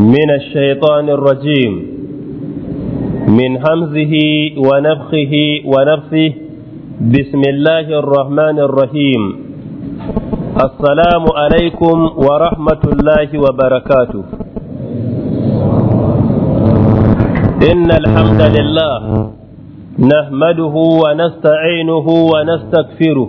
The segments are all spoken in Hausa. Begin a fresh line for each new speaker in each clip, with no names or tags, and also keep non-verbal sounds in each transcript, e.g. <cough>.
من الشيطان الرجيم من همزه ونفخه ونفثه بسم الله الرحمن الرحيم السلام عليكم ورحمة الله وبركاته إن الحمد لله نحمده ونستعينه ونستغفره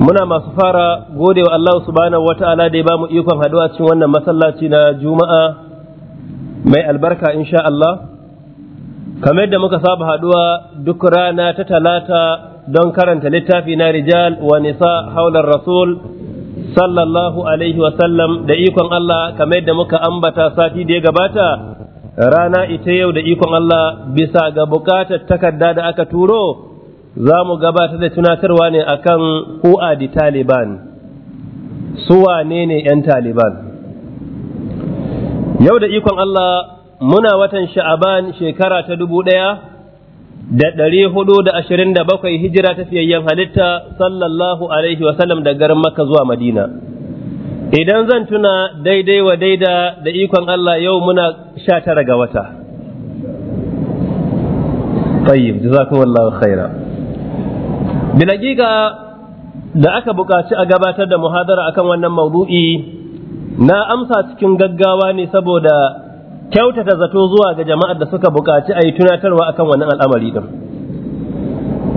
muna masu fara gode wa Allah subhanahu wa ta'ala da ya bamu ikon haduwa cikin wannan masallaci na juma'a mai albarka insha Allah kamar da muka saba haduwa duk rana ta talata don karanta littafi na rijal wa nisa haular rasul sallallahu alaihi wasallam da ikon Allah kamar da muka ambata sati da ya gabata rana ita yau da ikon Allah bisa ga bukatar takarda da aka turo za mu gabatar da tunatarwa ne akan ku'a di taliban su wane ne 'yan taliban yau da ikon Allah muna watan sha'aban shekara ta dubu ɗaya da ɗari hudu da ashirin da bakwai hijira ta halitta sallallahu alaihi wasallam da garin makka zuwa madina idan zan tuna daidai wa daida da ikon Allah yau muna sha tara ga wata طيب جزاكم khaira bin da aka buƙaci a gabatar da muhadara akan wannan maudu'i na amsa cikin gaggawa ne saboda kyautata zato zuwa ga jama'ar da suka buƙaci a yi tunatarwa akan wannan al'amari din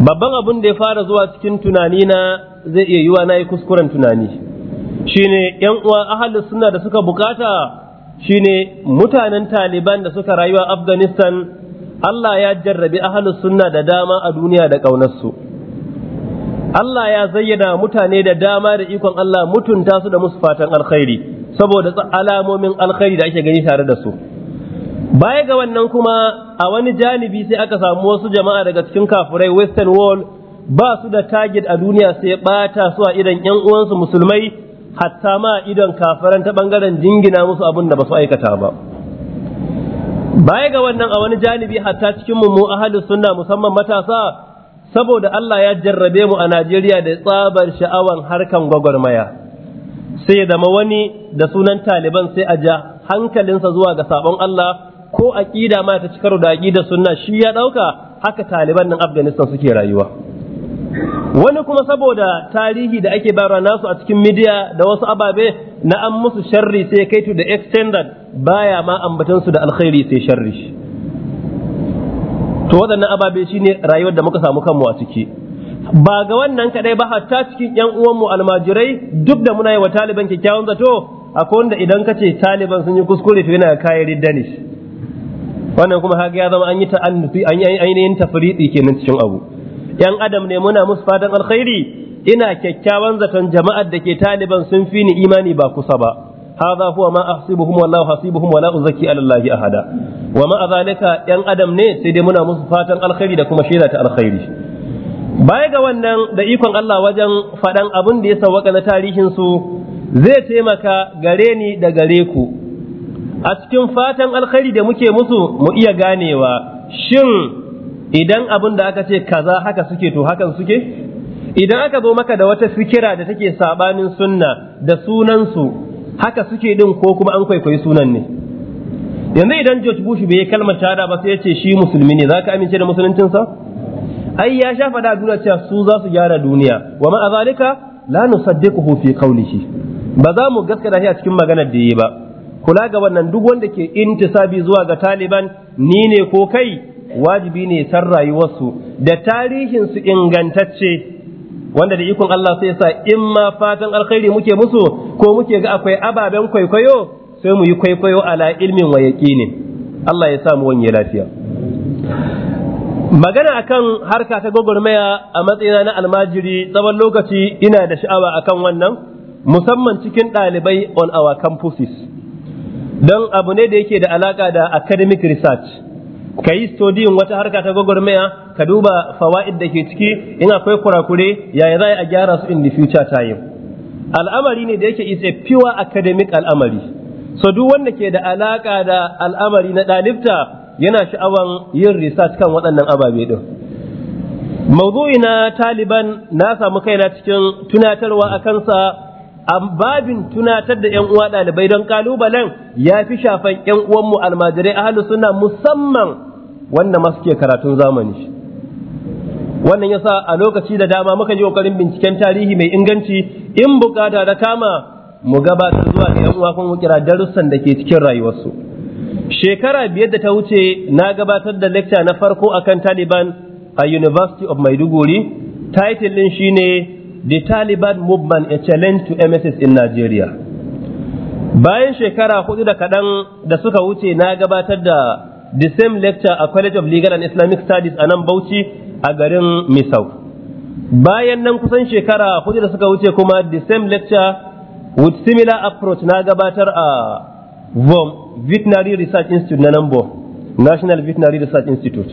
babban abin da ya fara zuwa cikin tunani na zai iya yiwa na yi kuskuren tunani shine yan uwa ahli sunna da suka bukata shine mutanen taliban da suka rayuwa afghanistan allah ya jarrabi ahli sunna da dama a duniya da ƙaunarsu Allah ya zayyana mutane da dama da ikon Allah mutunta su da musu fatan alkhairi saboda alamomin alkhairi da ake gani tare da su baya ga wannan kuma a wani janibi sai aka samu wasu jama'a daga cikin kafurai western wall ba su da target a duniya sai bata su a idan yan uwansu musulmai hatta ma idan kafiran ta bangaren jingina musu abin da ba su aikata ba baya ga wannan a wani janibi hatta cikin mu ahalin sunna musamman matasa saboda Allah ya jarrabe mu a Najeriya da tsabar sha'awan harkan gwagwarmaya sai ya zama wani da sunan taliban sai a ja hankalinsa zuwa ga sabon Allah ko aƙida ma ta cikar da aƙida sunna shi ya ɗauka haka taliban nan Afghanistan suke rayuwa wani kuma saboda tarihi da ake bayarwa nasu a cikin midiya da wasu ababe na an musu sharri sai kaitu da extended baya ma ambatansu da alkhairi sai sharri to waɗannan ababe shi ne rayuwar da muka samu kanmu a ciki ba ga wannan kadai ba hatta cikin yan uwanmu almajirai duk da muna yi wa taliban kyakkyawan zato akwai wanda idan ka ce taliban sun yi kuskure to yana kayan riddani wannan kuma haka ya zama an yi ta'annufi an yi ainihin tafriqi kenan cikin abu yan adam ne muna musu fatan alkhairi ina kyakkyawan zaton jama'ar da ke taliban sun fi ni imani ba kusa ba هذا هو ma ahsibuhum والله حسيبهم ولا uzakki ala الله ahada wa ma zalika yan adam ne sai dai muna musu fatan alkhairi da kuma shaida ta alkhairi baya ga wannan da ikon Allah wajen faɗan abin da ya sauka na tarihin su zai taimaka gare ni da gare ku a cikin fatan alkhairi da muke musu mu iya ganewa shin idan abin da aka ce kaza haka suke to hakan suke idan aka zo maka da wata fikira da take sabanin sunna da sunansu haka suke din ko kuma an kwaikwayi sunan ne yanzu idan George Bush bai yi kalmar shahada ba sai ya ce shi musulmi ne zaka amince da musuluncinsa ai ya sha fada duniya cewa su za su gyara duniya wa ma azalika la nusaddiquhu fi qawlihi ba za mu gaskata shi a cikin maganar da yi ba kula ga wannan duk wanda ke intisabi zuwa ga Taliban ni ne ko kai wajibi ne san rayuwarsu da tarihin su ingantacce wanda da ikon Allah sai sa in ma fatan alkhairi muke musu ko muke ga akwai ababen kwaikwayo sai mu yi kwaikwayo ala ilmin wa yaqinin Allah ya sa mu wani lafiya magana akan harka ta gogormaya a matsayina na almajiri tsawon lokaci ina da sha'awa akan wannan musamman cikin ɗalibai on our campuses don abu ne da yake da alaka da academic research ka yi studying wata harka ta gwagwarmaya ka duba fawa'id da ke ciki in akwai kurakure yaya za a gyara su in the future time al'amari ne da yake is a pure academic al'amari so duk wanda ke da alaka da al'amari na ɗalibta yana sha'awan yin research kan waɗannan ababe din mawdu'i na taliban na samu kaina cikin tunatarwa a kansa an babin tunatar da yan uwa ɗalibai don kalubalen ya fi shafan yan uwanmu almajirai ahalu suna musamman wanda masu ke karatun zamani wannan yasa a lokaci da dama muka yi kokarin binciken tarihi mai inganci in bukata da kama mu gabatar zuwa ga yan uwa kuma kira darussan da ke cikin rayuwarsu shekara biyar da ta wuce na gabatar da lecture na farko akan Taliban a University of Maiduguri title din shine the Taliban movement a challenge to MSS in Nigeria. Bayan shekara hudu da kaɗan da suka wuce na gabatar da the same lecture a College of Legal and Islamic Studies a nan Bauchi a garin Misau. Bayan nan kusan shekara hudu da suka wuce kuma the same lecture with similar approach na gabatar a VOM, Veterinary Research Institute na nan National Veterinary Research Institute.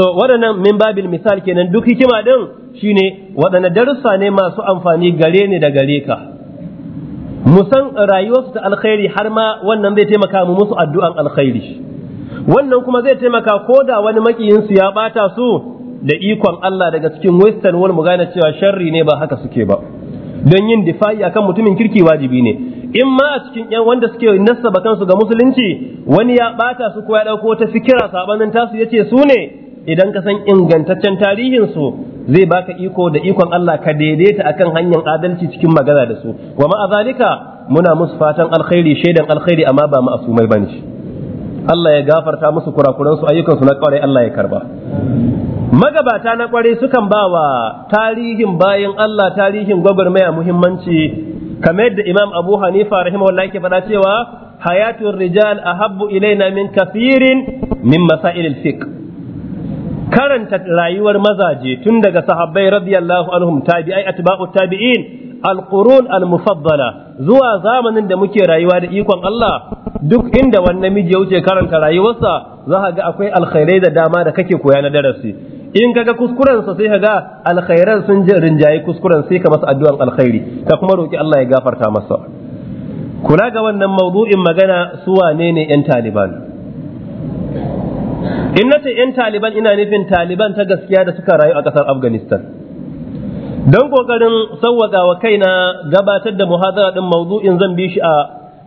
So waɗannan min babin misal kenan duk hikima din shine waɗanne darussa ne masu amfani gare ni da gare ka mu san rayuwarsu ta alkhairi har ma wannan zai taimaka mu musu addu'an alkhairi wannan kuma zai taimaka ko da wani makiyinsu ya ɓata su da ikon Allah daga cikin western world mu gane cewa sharri ne ba haka suke ba don yin difa'i akan mutumin kirki wajibi ne in ma a cikin yan wanda suke nasaba kansu ga musulunci wani ya ɓata su ko ya ɗauko ta fikira sabanin tasu ce su ne idan ka san ingantaccen tarihinsu zai baka iko da ikon Allah ka daidaita akan hanyar adalci cikin magana da su wa ma azalika muna musu fatan alkhairi shaidan alkhairi amma ba mu asumai bane Allah ya gafarta musu kurakuran su ayyukan su na kware Allah ya karba magabata na kwarai sukan ba wa tarihin bayan Allah tarihin gwagwarmaya muhimmanci kamar yadda Imam Abu Hanifa rahimahullahi yake faɗa cewa hayatul rijal ahabbu ilaina min kathirin min masailil fiqh karanta rayuwar mazaje tun daga sahabbai radiyallahu anhum tabi'ai atba'u tabi'in alqurun almufaddala zuwa zamanin da muke rayuwa da ikon Allah duk inda wani namiji ya wuce karanta rayuwarsa za ka ga akwai alkhairai da dama da kake koya na darasi in kaga kuskuren sa sai ka ga alkhairan sun je rinjaye kuskuren sai ka masa addu'an alkhairi ka kuma roki Allah ya gafarta masa kula ga wannan mawdu'in magana su wane ne yan Taliban in na ce 'yan taliban ina nufin taliban ta gaskiya da suka rayu a ƙasar afghanistan don ƙoƙarin sauwaƙa wa kaina gabatar da muhazara ɗin mawdu'in zan bi shi a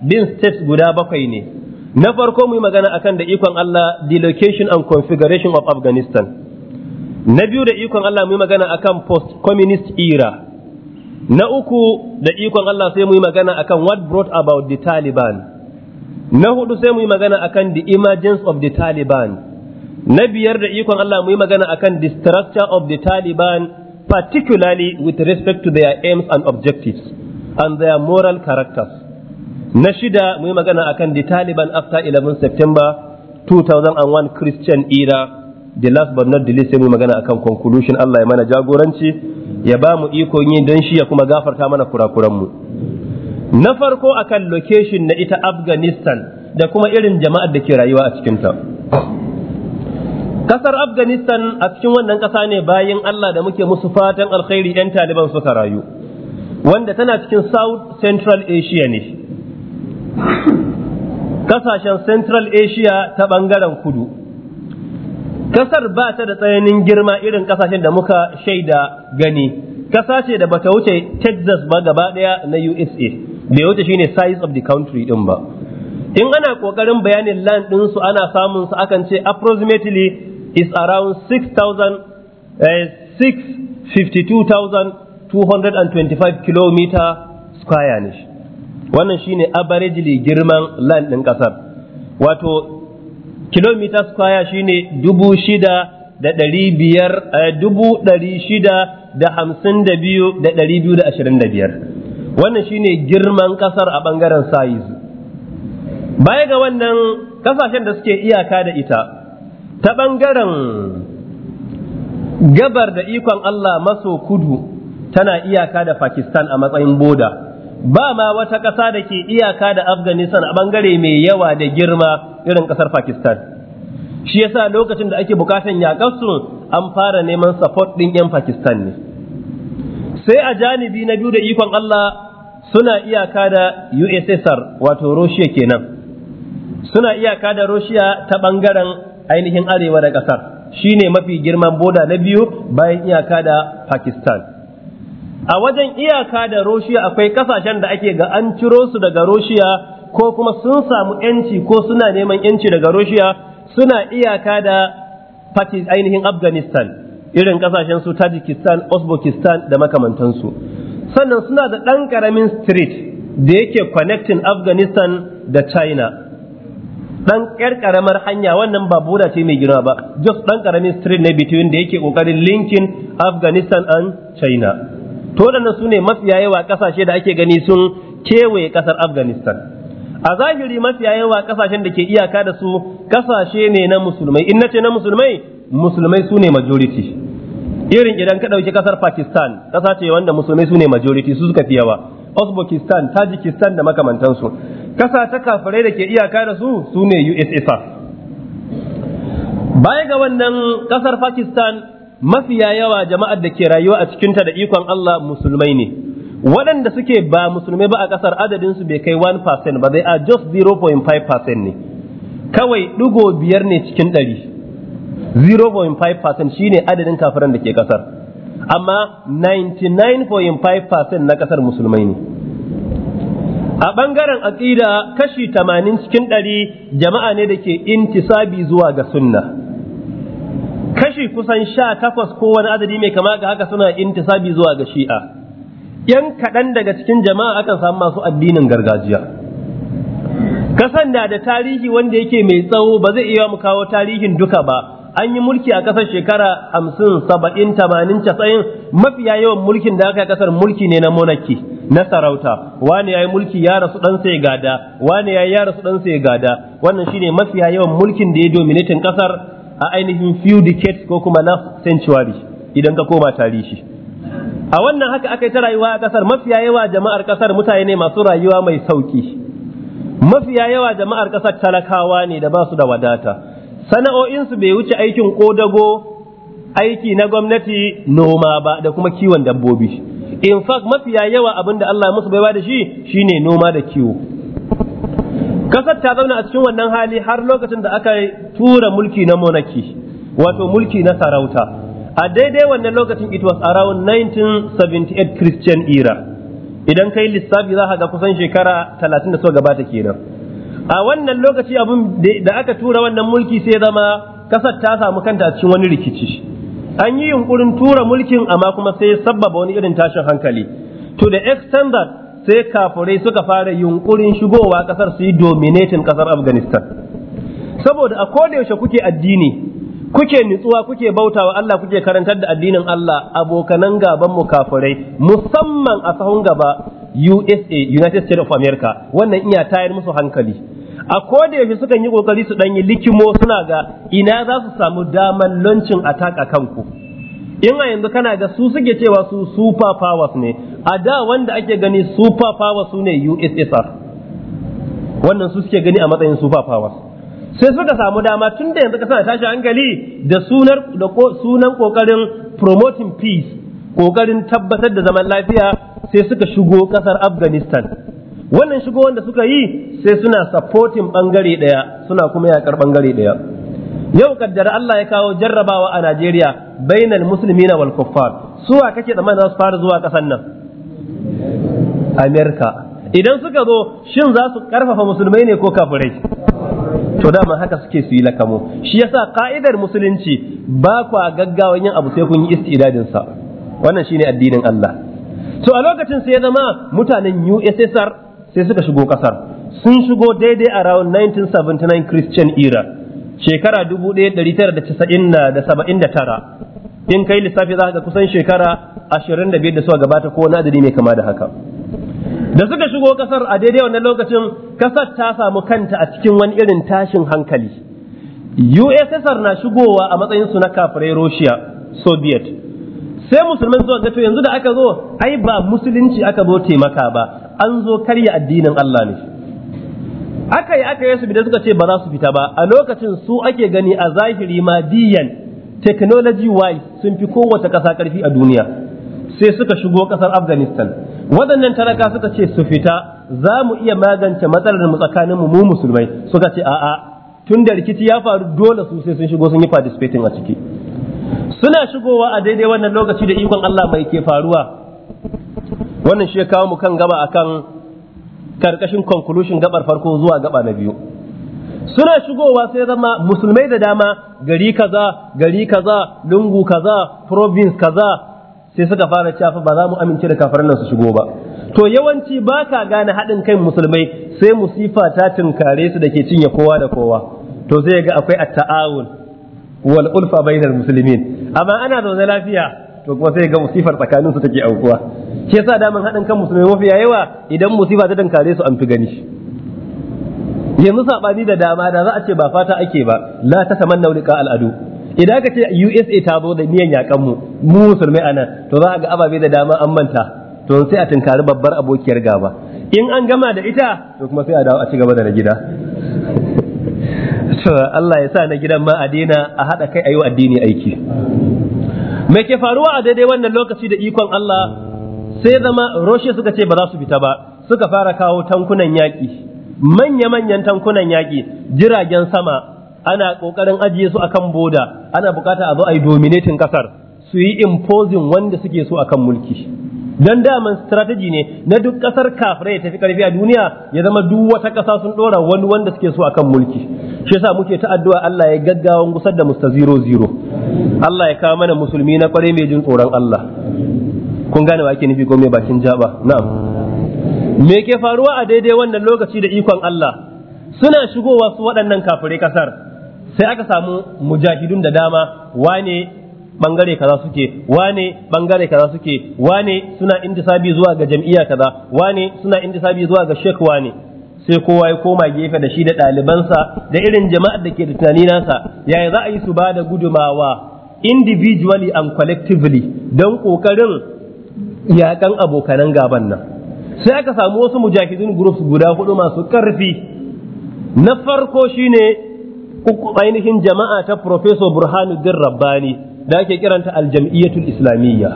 bin steps guda bakwai ne na farko mu yi magana akan da ikon Allah the location and configuration of Afghanistan na biyu da ikon Allah mu yi magana akan post communist era na uku da ikon Allah sai mu yi magana akan what brought about the Taliban na hudu sai mu yi magana akan the emergence of the Taliban na biyar da ikon Allah mu yi magana akan the structure of the Taliban particularly with respect to their aims and objectives and their moral characters na shida mu yi magana akan the Taliban after 11 September 2001 Christian era the last but not the least mu yi magana akan conclusion Allah ya mana jagoranci ya ba mu ikon yi don shi ya kuma gafarta mana kurakuranmu. na farko akan location na ita Afghanistan da kuma irin jama'ar da ke rayuwa a cikinta. ta kasar afghanistan a cikin wannan kasa ne bayan allah da muke musu fatan alkhairi 'yan taliban suka rayu wanda tana cikin south central asia ne kasashen central asia ta bangaren kudu kasar ba ta da tsananin girma irin kasashen da muka shaida gani kasa ce da bata wuce texas ba gaba daya na usa bai wuce shine size of the country din ba in ana kokarin bayanin land din su ana samun su akan ce approximately is around 652,225 uh, kilometer square ne wannan shine averagely girman land ɗin ƙasar wato kilometer square shine dubu shida da ɗari biyar uh, dubu ɗari shida da hamsin da biyu da ɗari biyu da ashirin da biyar wannan shine girman ƙasar a ɓangaren sayiz baya ga wannan ƙasashen da suke iyaka da ita ta ɓangaren gabar da ikon Allah maso kudu tana iyaka da Pakistan a matsayin boda ba ma wata ƙasa da ke iyaka da Afghanistan a ɓangare mai yawa da girma irin ƙasar Pakistan shi yasa lokacin da ake bukatan yaƙarsu an fara neman support ɗin 'yan Pakistan ne sai a janibi na biyu da ikon Allah suna iyaka da USSR wato Russia kenan suna iyaka da Russia ta ɓangaren ainihin arewa da ƙasar shine mafi girman boda na biyu bayan iyaka da Pakistan a wajen iyaka da Roshiya akwai kasashen da ake ga an ciro su daga Roshiya ko kuma sun samu yanci ko suna neman yanci daga Roshiya suna iyaka da ainihin Afghanistan irin kasashen su Tajikistan, Uzbekistan da makamantansu sannan suna da ɗan ƙaramin street da yake connecting Afghanistan da China dan ƙyar ƙaramar hanya wannan ba buda ce mai girma ba just ɗan ƙaramin street ne between da yake ƙoƙarin linkin afghanistan and china to waɗannan su ne mafiya yawa ƙasashe da ake gani sun kewaye ƙasar afghanistan a zahiri mafiya yawa ƙasashen da ke iyaka da su ƙasashe ne na musulmai in na ce na musulmai musulmai su ne majority irin idan ka ɗauki ƙasar pakistan ƙasa ce wanda musulmai su ne majority su suka fi yawa uzbekistan tajikistan da makamantansu ƙasa ta kafirai da ke iyaka da su su ne ussr baya ga wannan ƙasar pakistan mafiya yawa jama'ar da ke rayuwa a cikinta da ikon allah musulmai ne waɗanda suke ba musulmai ba a ƙasar adadinsu bai kai 1% ba zai a just 0.5% ne kawai ɗigo biyar ne cikin ɗari 0.5% shine adadin kafiran da ke kasar amma 99.5% na kasar musulmai ne a bangaren aƙida kashi 80 cikin 100 jama'a ne da ke intisabi zuwa ga sunna kashi kusan sha takwas ko wani adadi mai kama ga haka suna intisabi zuwa ga shi'a yan kaɗan daga cikin jama'a akan samu masu addinin gargajiya kasan da da tarihi wanda yake mai tsawo ba zai iya mu kawo tarihin duka ba an yi mulki a kasar shekara hamsin saba'in tamanin casa'in mafiya yawan mulkin da aka yi kasar mulki ne na monarki na sarauta wani ya yi mulki ya rasu dan sai gada wani ya yi ya rasu dan sai gada wannan shine mafiya yawan mulkin da ya dominatin kasar a ainihin few decades ko kuma last century idan ka koma tarihi a wannan haka aka yi ta rayuwa a kasar mafiya yawa jama'ar kasar mutane ne masu rayuwa mai sauki mafiya yawa jama'ar kasar talakawa ne da ba su da wadata sana'o'insu bai wuce aikin kodago aiki na gwamnati noma ba da kuma kiwon dabbobi in fact mafiya yawa abin da Allah musu bai da shi shine noma da kiwo kasar ta zauna a cikin wannan hali har lokacin da aka tura mulki na monarchy wato mulki na sarauta a daidai wannan lokacin it was around 1978 christian era idan kai lissafi za ka ga kusan shekara 30 da suka gabata kenan a wannan lokaci abin da aka tura wannan mulki sai zama kasar ta samu kanta cikin wani rikici an yi yunkurin tura mulkin amma kuma sai ya sabbaba wani irin tashin hankali to da extender sai kafurai suka fara yunkurin shigowa kasar su yi dominatin kasar afghanistan saboda a yaushe kuke addini kuke nutsuwa kuke bautawa Allah kuke karantar da addinin Allah abokanan gaban mu kafurai musamman a sahun gaba USA United States of America wannan iya tayar musu hankali a koda yaushe sukan yi kokari su danyi likimo suna ga ina za su samu daman lancin attack a kanku in a yanzu kana ga su suke cewa su super powers ne a da wanda ake gani super powers su ne USSR wannan su suke gani a matsayin super powers sai suka samu dama tun da yanzu kasana tashi hankali da sunar da sunan kokarin promoting peace kokarin tabbatar da zaman lafiya sai suka shigo kasar afghanistan wannan shigo wanda suka yi sai suna supporting bangare daya suna kuma yakar bangare daya yau kaddara Allah ya kawo jarrabawa a Najeriya bainal muslimina wal kuffar suwa kake tsammanin za su fara zuwa kasan nan Amerika idan suka zo shin za su karfafa musulmai ne ko kafirai to dama haka suke su yi lakamo shi yasa ka'idar musulunci ba kwa gaggawa yin abu sai kun yi istidadin sa wannan shine addinin Allah to a lokacin sai ya zama mutanen USSR sai suka shigo kasar sun shigo daidai a round 1979 Christian era shekara 1979 in kai lissafi za ka kusan shekara 25 da suka gabata ko na adadi mai kama da haka da suka shigo kasar a daidai wannan lokacin kasar ta samu kanta a cikin wani irin tashin hankali USSR na shigowa a matsayin su na kafirai Russia Soviet sai musulman zuwa ga yanzu da aka zo ai ba musulunci aka zo taimaka ba an zo karya addinin Allah ne aka yi aka yi su bidan suka ce ba za su fita ba a lokacin su ake gani a zahiri ma diyan technology wise sun fi kowace kasa karfi a duniya sai suka shigo kasar afghanistan waɗannan talaka suka ce su fita za mu iya magance matsalar mu tsakanin mu musulmai suka ce a'a tun da rikici ya faru dole su sai sun shigo sun yi participating a ciki suna shigowa a daidai wannan lokaci da ikon Allah mai ke faruwa wannan shi ya kawo mu kan gaba akan karkashin conclusion gabar farko zuwa gaba na biyu suna shigowa sai zama musulmai da dama gari kaza gari kaza lungu kaza province kaza sai suka fara cafa ba za mu amince da kafar nan su shigo ba to yawanci ba ka gane haɗin kai musulmai sai musifa ta tunkare su da ke cinye kowa da kowa to zai ga akwai atta'awun. taawun wal ulfa bainal muslimin amma ana zaune lafiya to kuma sai ga musifar tsakanin su take aukuwa Ke yasa daman haɗin kan musulmai ya yawa idan musifa ta dankare su an fi gani yanzu sabani da dama da za a ce ba fata ake ba la ta tamanna liqa al'adu idan aka ce USA ta zo da niyan yakan mu mu musulmai anan to za a ga ababe da dama an manta to sai a tunkari babbar abokiyar gaba in an gama da ita to kuma sai a dawo a ci gaba da na gida Allah ya sa na gidan ma a daina a haɗa kai a yi addini aiki me ke faruwa a daidai wannan lokaci da ikon Allah sai zama roshe suka ce ba za su fita ba suka fara kawo tankunan yaƙi manya-manyan tankunan yaƙi jiragen sama ana ƙoƙarin ajiye su akan boda ana bukata a zo a yi dominatin ƙasar su yi imposing wanda suke so akan mulki dan daman strategy ne na duk kasar kafirai tafi karfi a duniya ya zama duk wata kasa sun dora wani wanda suke so akan mulki shi yasa muke ta addu'a Allah ya gaggawan gusar da musta zero zero Allah ya kawo mana musulmi na kware mai jin tsoron Allah kun gane wa ake nufi ko mai bakin jaba na'am me ke faruwa a daidai wannan lokaci da ikon Allah suna shigowa su waɗannan kafirai kasar sai aka samu mujahidun da dama wane bangare kaza suke wane bangare kaza suke wane suna intisabi zuwa ga jam'iyya kaza wane suna intisabi zuwa ga shek wane sai kowa ya koma gefe da shi da ɗalibansa da irin jama'ar da ke da tunani nasa yaya za a yi su ba da gudumawa individually and collectively don ƙoƙarin yakan abokanan gaban nan sai aka samu wasu mujahidin groups guda hudu masu karfi na farko shine ainihin jama'a ta Professor Burhanuddin Rabbani da ake kiranta aljam'iyyatul islamiyya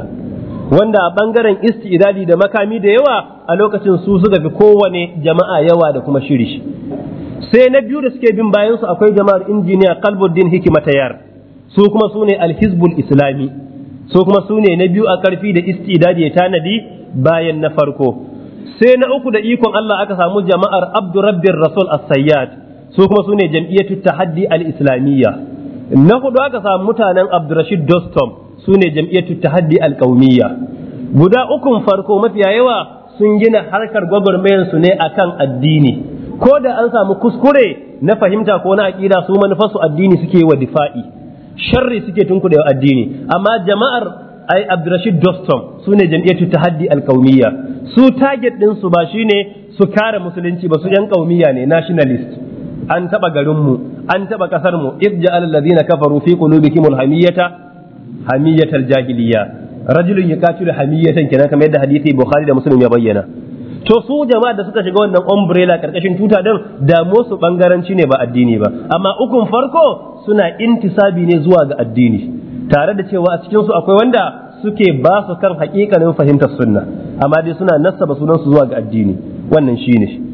wanda a bangaren istidadi da makami da yawa a lokacin su suka fi kowane jama'a yawa da kuma shiri. sai na biyu da suke bin bayansu akwai jama'ar injiniya kalbuddin hikimatayar su kuma su ne alhizbul islami su kuma su ne na biyu a karfi da istidadi ya tanadi bayan na farko sai na uku da ikon Allah aka samu jama'ar abdurabbir rasul as-sayyad su kuma su ne jam'iyyatu tahaddi al-islamiyya na hudu aka samu mutanen abdurashid dostom su ne jam'iyyatu tahaddi alƙaumiyya guda ukun farko mafiya yawa sun gina harkar gwagwarmayar su ne kan addini ko da an samu kuskure na fahimta ko na aƙida su manufarsu addini suke wa difa'i sharri suke tunkuɗe addini amma jama'ar ai abdurashid Dostom su ne jam'iyyar tahaddi al su target ɗinsu ba shine su kare musulunci ba su yan ƙaumiyya ne nationalist an taba garinmu an taba kasar mu idja'al na kafaru fi qulubikum alhamiyata hamiyatal jahiliya rajulun yuqatilu hamiyatan kenan kamar yadda hadisi bukhari da muslim ya bayyana to su jama'a da suka shiga wannan umbrella karkashin tuta din da su bangaranci ne ba addini ba amma ukun farko suna intisabi ne zuwa ga addini tare da cewa a cikin su akwai wanda suke ba su kan hakikanin fahimtar sunna amma dai suna nassaba sunan su zuwa ga addini wannan shine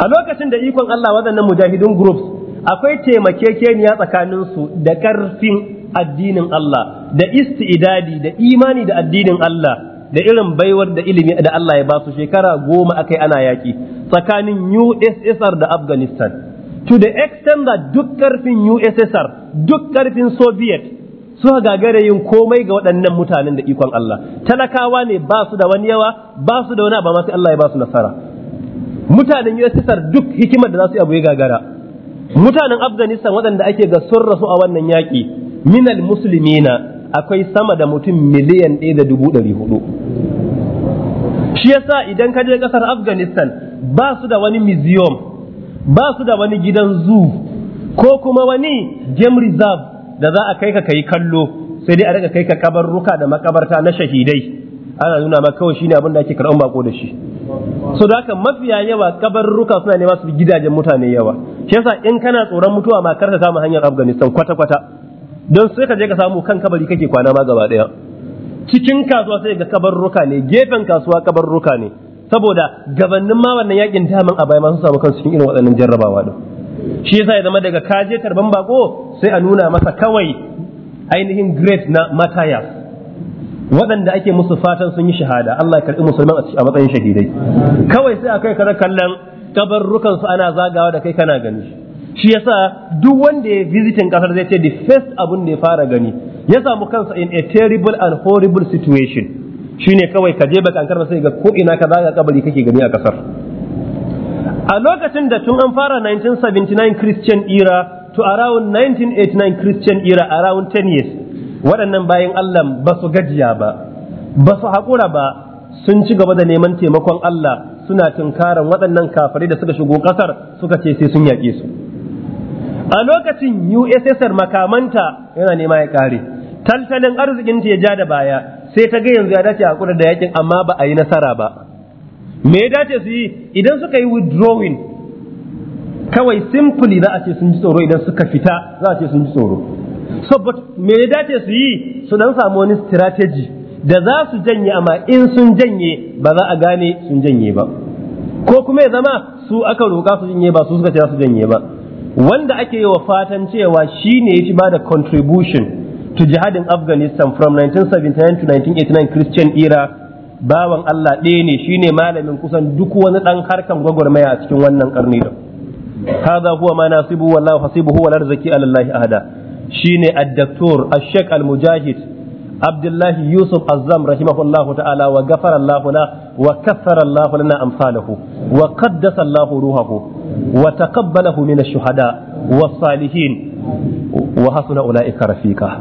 a lokacin da ikon Allah waɗannan mujahidin groups akwai taimakekeniya tsakanin su da ƙarfin addinin Allah da isti'idadi da imani da addinin Allah da irin baiwar da ilimi da Allah ya ba su shekara goma akai ana yaƙi tsakanin USSR da Afghanistan to the extent that duk karfin USSR duk ƙarfin Soviet suka gagare yin komai ga waɗannan mutanen da ikon Allah talakawa ne ba su da wani yawa ba su da wani ba ma sai Allah ya ba su nasara mutanen USSR duk hikimar da za su yi abu ya gagara mutanen Afganistan waɗanda ake ga sun rasu a wannan yaƙi minal na akwai sama da mutum miliyan ɗaya da dubu ɗari hudu shi yasa idan ka je ƙasar Afganistan ba su da wani museum ba su da wani gidan zoo ko kuma wani game reserve da za a kai ka kai kallo sai dai a rika kai ka kabarruka da makabarta na shahidai ana nuna ma kawai shine abin da ake karɓan bako da shi so da haka mafiya yawa kabarruka suna nema su gidajen mutane yawa shi yasa in kana tsoron mutuwa ma karka kama hanyar Afghanistan kwata kwata don sai ka je ka samu kan kabari kake kwana ma gaba daya cikin kasuwa sai ga kabarruka ne gefen kasuwa kabarruka ne saboda gabanin ma wannan yakin daman a baya ma sun samu kansu cikin irin waɗannan jarrabawa din shi yasa ya zama daga kaje karban bako sai a nuna masa kawai ainihin grade na matayas waɗanda ake musu fatan sun yi shahada Allah ya karɓi musulman a matsayin shahidai kawai sai a kai kallon kabarrukan su ana zagawa da kai kana gani shi yasa duk wanda ya visitin kasar zai ce the first abun da ya fara gani ya samu kansa in a terrible and horrible situation shine kawai ka je baka an karba sai ga ko ina ka zaga kabari kake gani a kasar a lokacin da tun an fara 1979 Christian era to around 1989 Christian era around 10 years waɗannan bayan Allah ba su gajiya ba ba su haƙura ba sun ci gaba da neman taimakon Allah suna tunkaran waɗannan kafirai da suka shigo ƙasar suka ce sai sun yaƙe su a lokacin USSR makamanta yana nema ya ƙare tattalin ta ya ja da baya sai ta ga yanzu ya dace haƙura da yaƙin amma ba a yi nasara ba me ya dace su yi idan suka yi withdrawing kawai simply za a ce sun ji tsoro idan suka fita za a ce sun ji tsoro so but me ya dace su yi su dan samu wani strategy da za su janye amma in sun janye ba za a gane sun janye ba ko kuma ya zama su aka roƙa su janye ba su suka ce za su janye ba wanda ake yi wa fatan cewa shi ne ya fi ba da contribution to jihadin afghanistan from 1979 to 1989 christian era bawan Allah ɗaya ne shine malamin kusan duk wani ɗan harkan gwagwarmaya a cikin wannan ƙarni da. Haza huwa ma nasibu wallahu hasibuhu wal arzaki alallahi ahada. shine ad-daktur ash-shaykh al-mujahid Abdullahi Yusuf Azzam rahimahullahu ta'ala wa gafar Allahu la wa kaffara Allahu lana amsalahu wa qaddasa Allahu ruhahu wa taqabbalahu min ash-shuhada was-salihin wa hasuna ulaika rafika.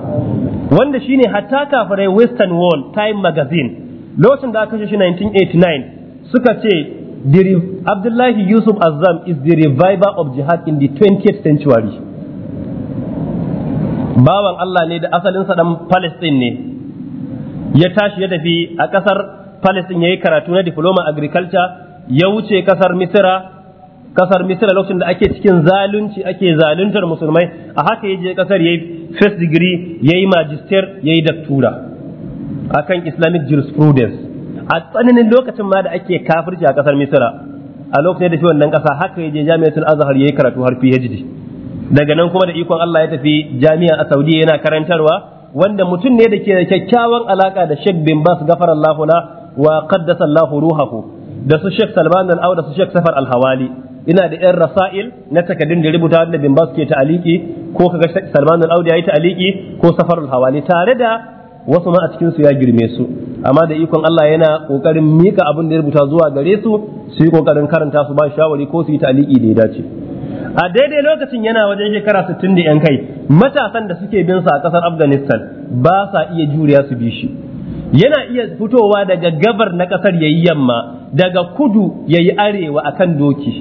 wanda shine hatta kafirai Western World Time magazine lokacin da aka kashe 1989 suka ce Abdullahi Yusuf Azzam is the reviver of jihad in the 20th century bawan Allah ne da asalin sa dan Palestine ne ya tashi ya tafi a kasar Palestine yayi karatu na diploma agriculture ya wuce kasar Misira kasar Misira lokacin da ake cikin zalunci ake zaluntar musulmai a haka ya je kasar yayi first degree yayi magister yayi doctor akan Islamic jurisprudence a tsananin lokacin ma da ake kafirci a kasar Misira a lokacin da shi wannan kasa haka ya je jami'atul Azhar yayi karatu har PhD daga nan kuma da ikon Allah ya tafi jami'a a Saudi yana karantarwa wanda mutum ne da ke da kyakkyawan alaka da Sheikh bin Bas gafara Allah wa qaddasa Allah ruhahu da su Sheikh Salman al da su Sheikh Safar al-Hawali ina da yan rasail na takardun da rubuta wanda bin Bas ke ta'aliki ko kaga Salman al ya yi ta'aliki ko Safar al-Hawali tare da wasu ma a cikin su ya girme su amma da ikon Allah yana kokarin mika abin da ya rubuta zuwa gare su su yi kokarin karanta su ba shawari ko su yi ta'aliki da ya dace a daidai lokacin yana wajen shekara 60 da yan kai matasan da suke bin sa a kasar Afghanistan ba sa iya juriya su bi shi yana iya fitowa daga gabar na kasar yayi yamma daga kudu yayi arewa akan doki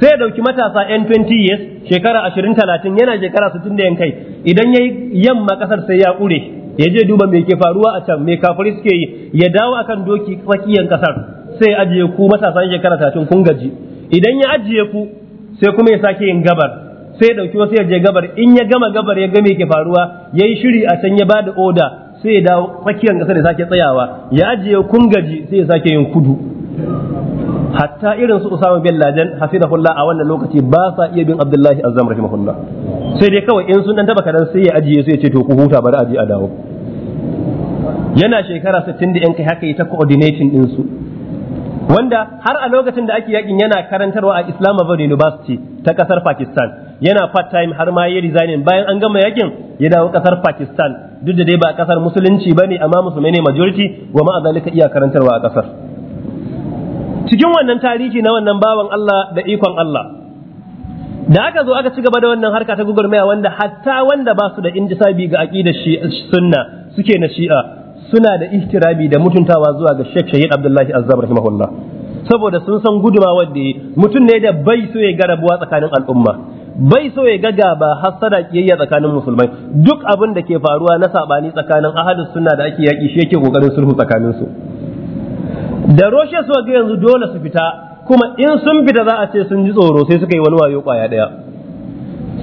sai dauki matasa yan 20 years shekara 20 30 yana shekara 60 da yan kai idan yayi yamma kasar sai ya kure ya je duba me ke faruwa a can mai kafari suke yi ya dawo akan doki tsakiyar kasar sai ajiye ku matasan shekara 30 kun gaji idan ya ajiye ku sai kuma ya sake yin gabar sai dauki wasu ya je gabar in ya gama gabar ya game ke faruwa yayi shiri a can ya bada oda sai ya dawo tsakiyar kasar ya sake tsayawa ya ajiye kungaji sai ya sake yin kudu hatta irin su Usama bin Laden hasidahullah a wannan lokaci ba sa iya bin Abdullahi Azzam rahimahullah sai dai kawai in sun dan taba kadan sai ya ajiye su ya ce to ku huta bari aje a dawo yana shekara 60 da yan kai haka yi ta coordinating din su wanda har a lokacin da ake yakin yana karantarwa a Islamabad University ta kasar Pakistan yana part time har ma ya resigning bayan an gama yakin ya dawo kasar Pakistan duk da dai ba kasar musulunci bane amma musulmai ne majority wa ma zalika iya karantarwa a kasar cikin wannan tarihi na wannan bawan Allah da ikon Allah da aka zo aka ci gaba da wannan harka ta gugurmaya wanda hatta wanda ba su da injisabi ga aqidar sunna suke na shi'a suna da ihtirami da mutuntawa zuwa ga Sheikh Shahid Abdullahi Azzam rahimahullah saboda sun san guduma wanda mutum ne da bai so ya garabuwa tsakanin al'umma bai so ya ga gaba hasada kiyayya tsakanin musulmai duk abin da ke faruwa na sabani tsakanin ahadus sunna da ake yaki shi yake kokarin sulhu tsakanin su da roshe su ga yanzu dole su fita kuma in sun fita za a ce sun ji tsoro sai suka yi wani wayo kwaya daya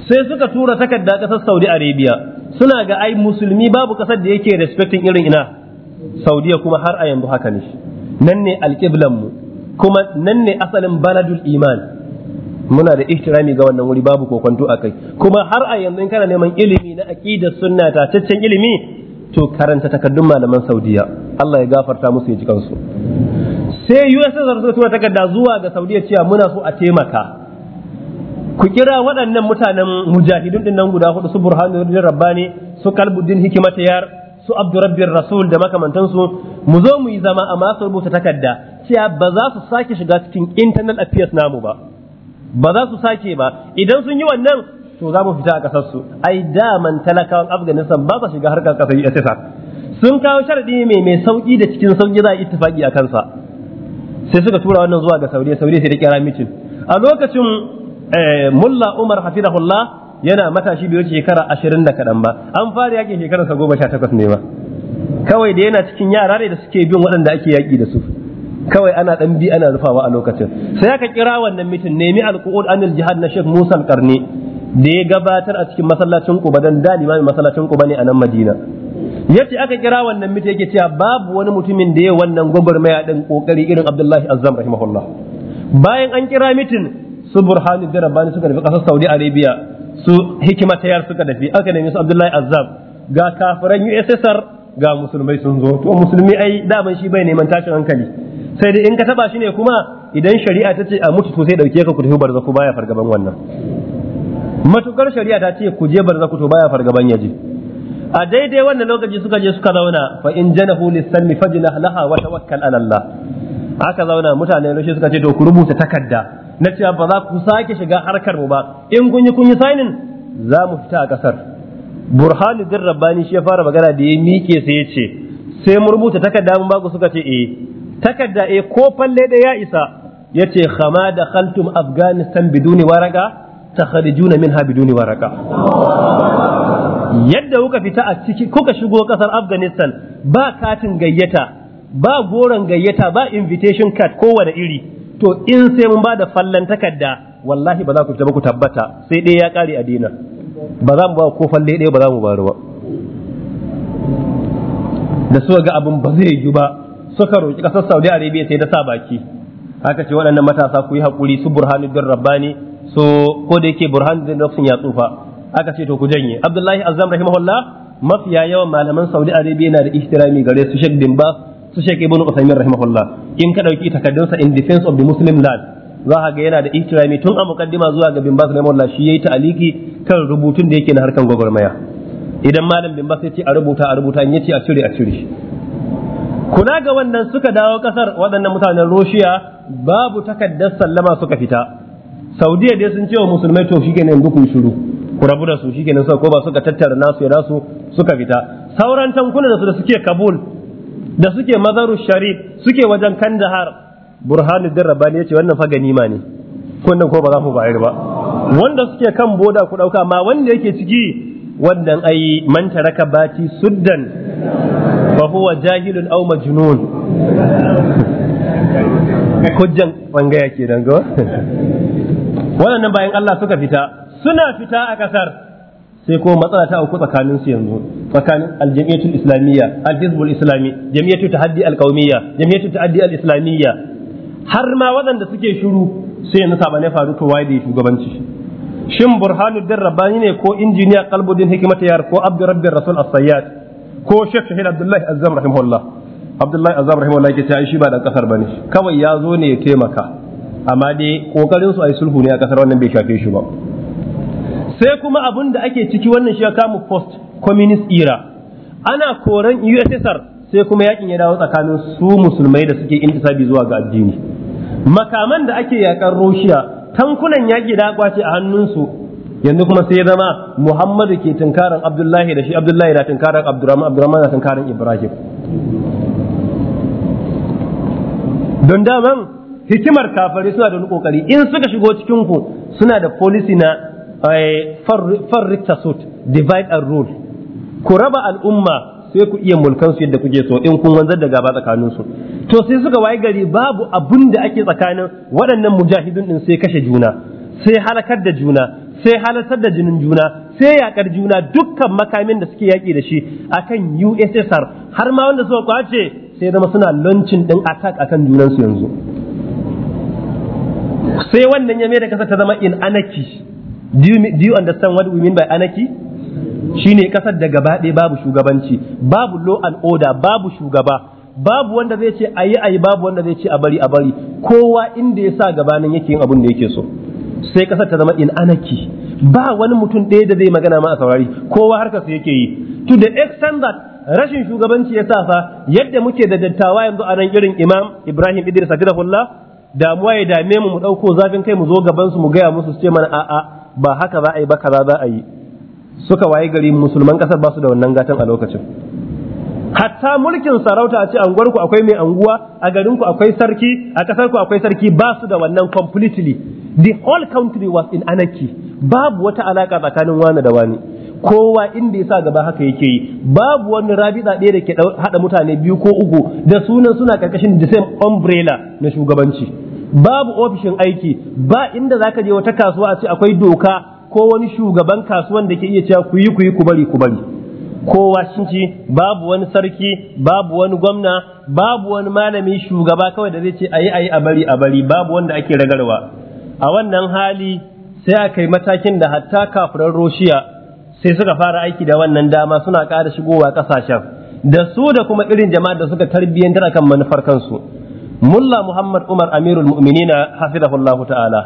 sai suka tura takarda kasar Saudi Arabia suna ga ai musulmi babu kasar da yake respecting irin ina saudiya kuma har a yanzu haka ne nan ne alƙiblanmu kuma nan ne asalin baladul iman muna da ihtirami ga wannan wuri babu kokonto a kai kuma har a yanzu in kana neman ilimi na aqidar sunna ta taccen ilimi to karanta takaddun malaman saudiya Allah ya gafarta musu ya ji kansu sai USSR ta takarda zuwa ga saudiya cewa muna so a taimaka ku kira waɗannan mutanen mujahidun din nan guda hudu su burhanuddin rabbani su kalbuddin hikimata su Abdurrabbin rasul da makamantansu mu zo mu yi zama amma su rubuta takarda cewa ba za su sake shiga cikin internal affairs namu ba ba za su sake ba idan sun yi wannan to za mu fita a kasar su ai daman talakawan afghanistan ba su shiga harkar kasar ussr sun kawo sharadi mai mai sauki da cikin sauki za a ittifaki a kansa sai suka tura wannan zuwa ga saudiya saudiya sai da kira mitin a lokacin Eh, mulla umar hafizahullah yana matashi bai wuce shekara ashirin da kaɗan ba an fara shekarar shekararsa goma sha takwas ne ba kawai da yana cikin yara ne da suke bin waɗanda ake yaƙi da su kawai ana ɗan bi ana rufawa a lokacin sai aka kira wannan mutum, nemi alƙu'ud anil jihad na sheikh musa karni da ya gabatar a cikin masallacin kuba dan da ma masallacin kuba ne a nan madina yace aka kira wannan mutum yake cewa babu wani mutumin da ya wannan gwagwarmaya ɗin kokari irin abdullahi azzam rahimahullah bayan an kira mutum su da rabbani suka tafi kasar saudi arabia su hikima ta yar suka tafi aka nemi su abdullahi azzab ga kafiran ussr ga musulmai sun zo to musulmi ai daman shi bai neman tashin hankali sai dai in ka taba shi ne kuma idan shari'a ta ce a mutu to sai dauke ka ku tafi barzaku baya fargaban wannan matukar shari'a ta ce ku je barzaku to baya fargaban yaje a daidai wannan lokaci suka je suka zauna fa in janahu lisalmi fajnah laha wa tawakkal ala Allah aka zauna mutane lokaci suka ce to ku rubuta takarda na cewa ba za ku sake shiga harkar mu ba in kun yi kun yi sainin za mu fita a kasar din rabbani shi ya fara magana da ya mike sai ya ce sai mu rubuta takarda mun ba ku suka ce eh takarda eh ko falle da ya isa ya ce khama da khaltum afghanistan biduni waraka takhrijuna minha biduni waraka yadda kuka fita a ciki kuka shigo kasar afghanistan ba katin gayyata ba goron gayyata ba invitation card kowane iri to in sai mun ba da fallan takarda wallahi ba za ku ba ku tabbata sai dai ya kare a dina ba za mu ba ko falle ɗaya ba za mu baro da suka ga abin ba zai yi ba suka roƙi ƙasar Saudi Arabia sai ta sa baki haka ce waɗannan matasa ku yi hakuri su Burhanuddin Rabbani so ko da yake din Rabbani ya tsufa aka ce to ku janye Abdullahi Azam rahimahullah mafiya yawan malaman Saudi Arabia na da ihtirami gare su shek din ba su Sheikh Ibn usaymin rahimahullah in ka dauki sa in defense of the Muslim land za a ga yana da ikirami tun a mukaddima zuwa ga bin Bas rahimahullah shi yayi ta'aliki kan rubutun da yake na harkan gogormaya idan malam bin Bas ya ce a rubuta a rubuta in yace a cire a cire Kuna ga wannan suka dawo kasar waɗannan mutanen Russia babu takaddar sallama suka fita Saudiya dai sun ce wa musulmai to shikenan yanzu ku shiru ku rabu da su kenan sai ko ba suka tattara nasu ya nasu suka fita sauran tankuna da su da suke Kabul da suke mazaru sharif suke wajen kandahar burhanuddin rabbani yace wannan fa ganima ne kunnan ko ba za mu bayar ba wanda suke kan boda ku dauka ma wanda yake ciki wannan ai man taraka bati suddan fa huwa jahilun aw majnun hujjan bangaya kenan ga <laughs> wannan bayan Allah suka fita suna fita a kasar sai kuma matsala ta auku tsakanin su yanzu tsakanin aljamiyatul islamiyya alhizbul islami jamiyatu tahaddi alqaumiyya jamiyatu tahaddi alislamiyya har ma wadanda suke shiru sai yanzu sabane faru to waye da shugabanci shin burhanuddin rabbani ne ko injiniya qalbuddin hikmata yar ko abdu rabbir rasul as-sayyad ko shekh shahid abdullahi azzam rahimahullah abdullahi azzam rahimahullah ke tayi shi ba dan kasar bane kawai ya zo ne ya taimaka amma dai kokarin su ai sulhu ne a kasar wannan bai shafe shi ba sai kuma abin da ake ciki wannan shi ya kamu post communist era ana koran USSR sai kuma yakin ya dawo tsakanin su musulmai da suke intisabi zuwa ga addini makaman da ake yakan Russia tankunan yaki da kwace a hannunsu yanzu kuma sai ya zama Muhammadu ke tunkaran Abdullahi da shi Abdullahi da tunkaran Abdurrahman Abdurrahman na tunkaran Ibrahim don daman hikimar kafari suna da wani kokari in suka shigo cikin ku suna da policy na farrik tasut divide and rule ku raba al'umma sai ku iya mulkan su yadda kuke so in kun wanzar da gaba tsakanin su to sai suka waye gari babu abun da ake tsakanin waɗannan mujahidun din sai kashe juna sai halakar da juna sai halartar da jinin juna sai yakar juna dukkan makamin da suke yaki da shi akan USSR har ma wanda suka kwace sai zama suna launching din attack akan junansu yanzu sai wannan ya mai da kasa ta zama in anaki do you, understand what we mean by anarchy shine kasar da gaba ɗaya babu shugabanci babu law and order babu shugaba babu wanda zai ce ayi ayi babu wanda zai ce a bari a bari kowa inda ya sa gabanin yake yin abin da yake so sai kasar ta zama in anarchy ba wani mutum ɗaya da zai magana ma a saurari kowa harkar su yake yi to the extent that rashin shugabanci ya sa fa yadda muke da dattawa yanzu a nan irin imam ibrahim idris hafizahullah damuwa ya dame mu mu ɗauko zafin kai mu zo gaban su mu gaya musu su ce mana a'a ba haka za a yi ba kaza za a yi suka waye gari musulman kasar ba su da wannan gatan a lokacin hatta mulkin sarauta a ce anguwarku akwai mai anguwa a garinku akwai sarki a kasarku akwai sarki ba su da wannan completely the whole country was in anarchy babu wata alaka tsakanin wani da wani kowa inda yasa gaba haka yake yi babu wani rabi ɗaya da ke haɗa mutane biyu ko uku da sunan suna karkashin the same umbrella na shugabanci babu ofishin aiki ba inda zaka je wata kasuwa a ce akwai doka ko wani shugaban kasuwan da ke iya cewa ku yi ku yi ku bari ku bari kowa ci babu wani sarki babu wani gwamna babu wani malami shugaba kawai da zai ce ayi ayi a bari a bari babu wanda ake ragarwa a wannan hali sai a kai matakin da hatta kafiran roshiya sai suka fara aiki da wannan dama suna ƙara shigowa ƙasashen da su da kuma irin jama'a da suka tarbiyyantar akan manufar kansu mulla muhammad umar amirul mu'minina hafizahullahu ta'ala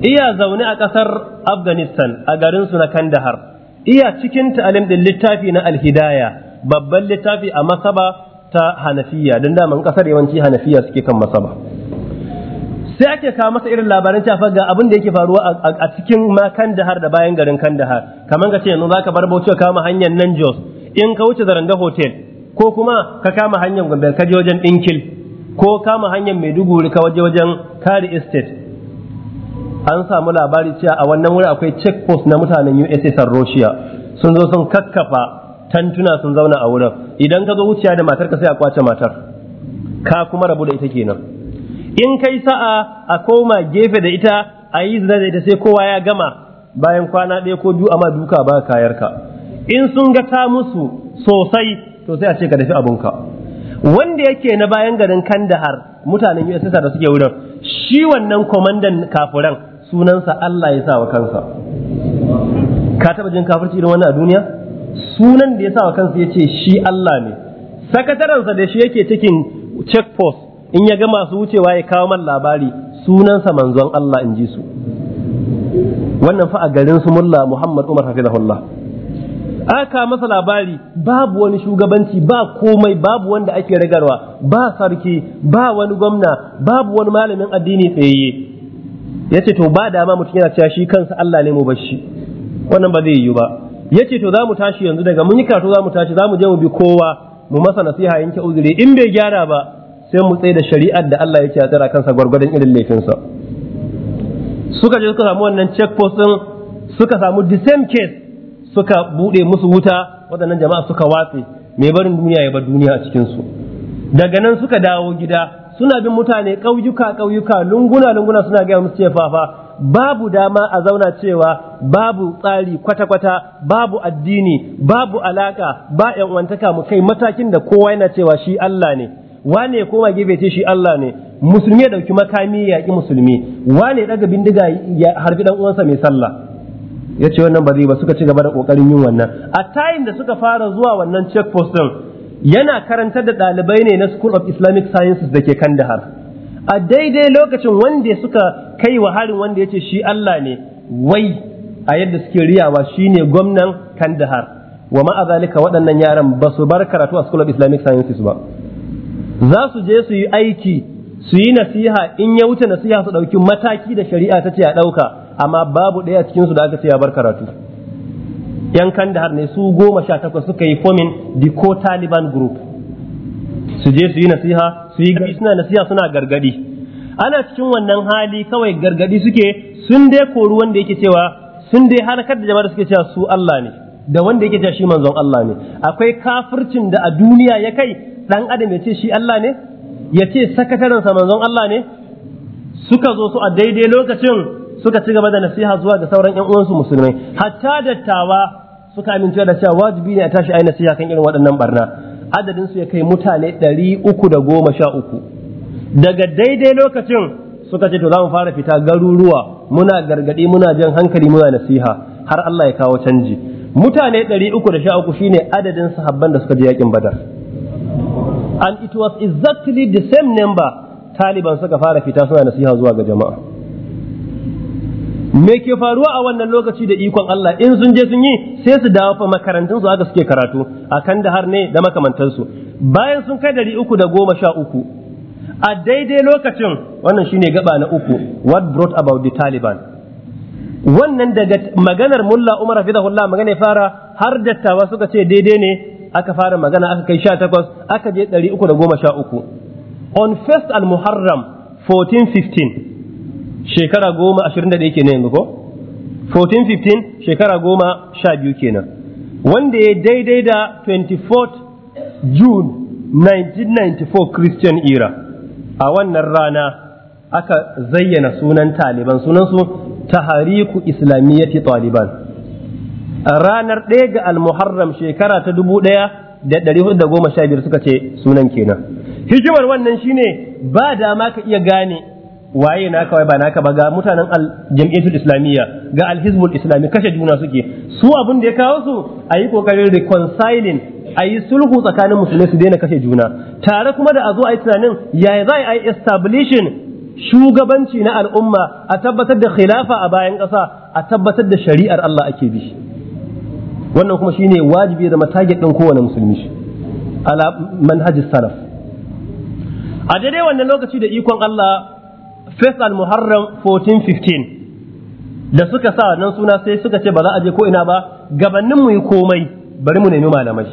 iya zaune a kasar afghanistan a garin su na kandahar iya cikin ta'alim din littafi na alhidaya babban littafi a masaba ta hanafiya don mun kasar yawanci hanafiya suke kan masaba sai ake kawo masa irin labaran cewa ga abin da yake faruwa a cikin ma kandahar da bayan garin kandahar kamar ka ce yanzu zaka bar bauchi ka kama hanyar nan jos in ka wuce zaranga hotel ko kuma ka kama hanyar gombe ka je wajen dinkil ko kama hanyar maiduguri ka waje wajen kari estate an samu labari cewa a wannan wuri akwai check post na mutanen ussr russia sun zo sun kakkafa tantuna sun zauna a wurin idan ka zo wuciya da matar ka sai a kwace matar ka kuma rabu da ita kenan in kai sa'a a koma gefe da ita a yi zina da ita sai kowa ya gama bayan kwana ɗaya ko biyu amma duka ba kayarka in sun ga ta musu sosai to sai a ce ka dafi abunka. wanda yake na bayan garin Kandahar mutanen USSR da suke wurin shi wannan komandan kafuran sunansa Allah ya sa wa kansa ka taba jin kafirci irin wannan a duniya sunan da ya sa wa kansa ya shi Allah ne sakatarensa da shi yake cikin check post in ya ga masu wucewa ya kawo man labari sunansa manzon Allah in ji su wannan fa a garin su mulla Muhammad Umar hafizahullah aka masa labari babu wani shugabanci ba komai babu wanda ake ragarwa ba sarki ba wani gwamna babu wani malamin addini tsayayye ya ce to ba dama mutum yana cewa shi kansa Allah ne mu bashi wannan ba zai yi ba ya ce to za mu tashi yanzu daga mun yi karatu za mu tashi za mu je mu bi kowa mu masa nasiha yanke uzuri in bai gyara ba sai mu tsaye da shari'ar da Allah yake a tsara kansa gwargwadon irin laifinsa suka je suka samu wannan check post suka samu the same case suka buɗe musu wuta waɗannan jama'a suka watse mai barin duniya ya bar duniya a cikin su daga nan suka dawo gida suna bin mutane ƙauyuka ƙauyuka lunguna lunguna suna gaya musu cewa fafa babu dama a zauna cewa babu tsari kwata-kwata babu addini babu alaka ba yan uwantaka mu kai matakin da kowa yana cewa shi Allah ne wane koma gefe ce shi Allah ne musulmi ya dauki makami ya ki musulmi wane daga bindiga ya harbi dan uwansa mai sallah ya ce wannan ba zai ba suka ci gaba da kokarin yin wannan a tayin da suka fara zuwa wannan post din yana karantar da ɗalibai ne na School of Islamic Sciences da ke Kandahar a daidai lokacin wanda suka kai wa harin wanda ya ce shi Allah ne wai a yadda suke riyawa shine gwamnan Kandahar wa ma'a zalika waɗannan yaran ba su bar karatu a School of Islamic Sciences ba za su je su yi aiki su yi nasiha in ya wuce nasiha su ɗauki mataki da shari'a ta ce a ɗauka amma babu ɗaya cikin su da aka ce ya bar karatu yan kan har ne su goma sha takwas suka yi fomin the co taliban group su je su yi nasiha su yi suna nasiha suna gargadi ana cikin wannan hali kawai gargadi suke sun dai koru wanda yake cewa sun dai harkar da jama'a suke cewa su Allah ne da wanda yake cewa shi manzon Allah ne akwai kafircin da a duniya ya kai dan adam ya ce shi Allah ne ya ce sa manzon Allah ne suka zo su a daidai lokacin suka ci gaba da nasiha zuwa ga sauran ƴan uwansu musulmai hatta dattawa suka amince da cewa wajibi ne a tashi ayi nasiha kan irin waɗannan barna adadin su ya kai mutane ɗari uku da goma sha uku daga daidai lokacin suka ce to za mu fara fita garuruwa muna gargadi, muna jan hankali muna nasiha har Allah ya kawo canji mutane ɗari da sha shine adadin sahabban da suka je yakin badar and it was exactly the same number taliban suka fara fita suna nasiha zuwa ga jama'a me ke faruwa a wannan lokaci da ikon Allah in sun je sun yi sai su dawo fa makarantun su haka suke karatu a kan da har ne da su bayan sun kai dari uku da goma sha uku a daidai lokacin wannan shine gaba na uku what brought about the Taliban wannan daga maganar mulla Umar hafizahullah magana ya fara har dattawa suka ce daidai ne aka fara magana aka kai sha aka je dari uku da goma sha uku on al-muharram 1415 shekara goma ashirin da ɗaya kenan yanzu ko 1415 shekara goma sha biyu kenan wanda ya daidai da 24th june 1994 christian era a wannan rana aka zayyana sunan taliban sunansu tahariku islamiyyati taliban A ranar ɗaya ga almuharram shekara ta dubu ɗaya da ɗari hudu da goma sha biyar suka ce sunan kenan hikimar wannan shine ba dama ka iya gane waye na kawai ba naka ba ga mutanen jam'iyyatul islamiyya ga alhizbul islami kashe juna suke su abin da ya kawo su a yi kokarin reconciling a yi sulhu tsakanin musulmai su daina kashe juna tare kuma da a zo a yi tunanin yaya za a yi establishing shugabanci na al'umma a tabbatar da khilafa a bayan ƙasa a tabbatar da shari'ar Allah ake bi wannan kuma shine wajibi da zama ɗin kowane musulmi ala manhajis salaf a daidai wannan lokaci da ikon Allah first al muharram 1415 da suka sa nan suna sai suka ce ba za a je ko ina ba gabanin mu yi komai bari mu nemi malamai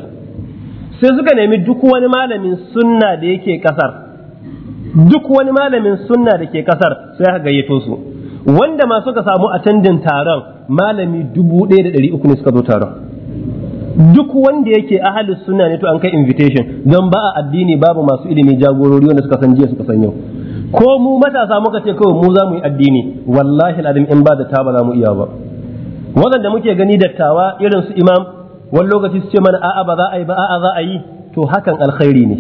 sai suka nemi duk wani malamin sunna da yake kasar duk wani malamin sunna da ke kasar sai aka gayyato su wanda ma suka samu candin taron malami dubu ɗaya da ɗari uku ne suka zo taron duk wanda yake ahalin sunna ne to an kai invitation don ba a addini babu masu ilimi jagorori wanda suka san jiya suka san yau ko mu matasa muka ce kawai mu za mu yi addini wallahi al'adun in ba da ta ba za mu iya ba waɗanda muke gani dattawa irin su imam wani lokaci su ce mana a'a ba za a yi ba a'a za a yi to hakan alkhairi ne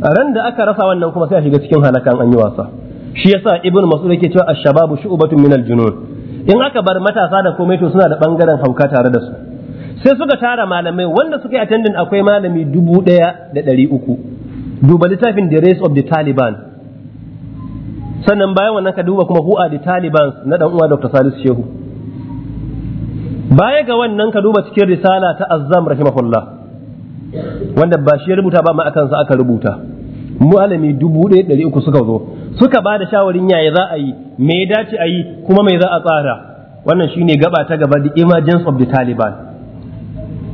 ran da aka rasa wannan kuma sai a shiga cikin halakan an yi wasa shi yasa ibn mas'ud yake cewa ash-shababu shu'batun min al-junun in aka bar matasa da komai to suna da bangaren hauka tare da su sai suka tara malamai wanda suka yi attending akwai malami dubu ɗaya da ɗari uku duba littafin the race of the taliban sannan bayan wannan ka duba kuma who are the Taliban na dan uwa Dr. Salisu Shehu baya ga wannan ka duba cikin risala ta Azzam rahimahullah wanda ba shi ya rubuta ba ma akan sa aka rubuta malami dubu ɗaya ɗari uku suka zo suka ba da shawarin yaya za a yi me ya dace a yi kuma me za a tsara wannan shine gaba ta gaba the emergence of the Taliban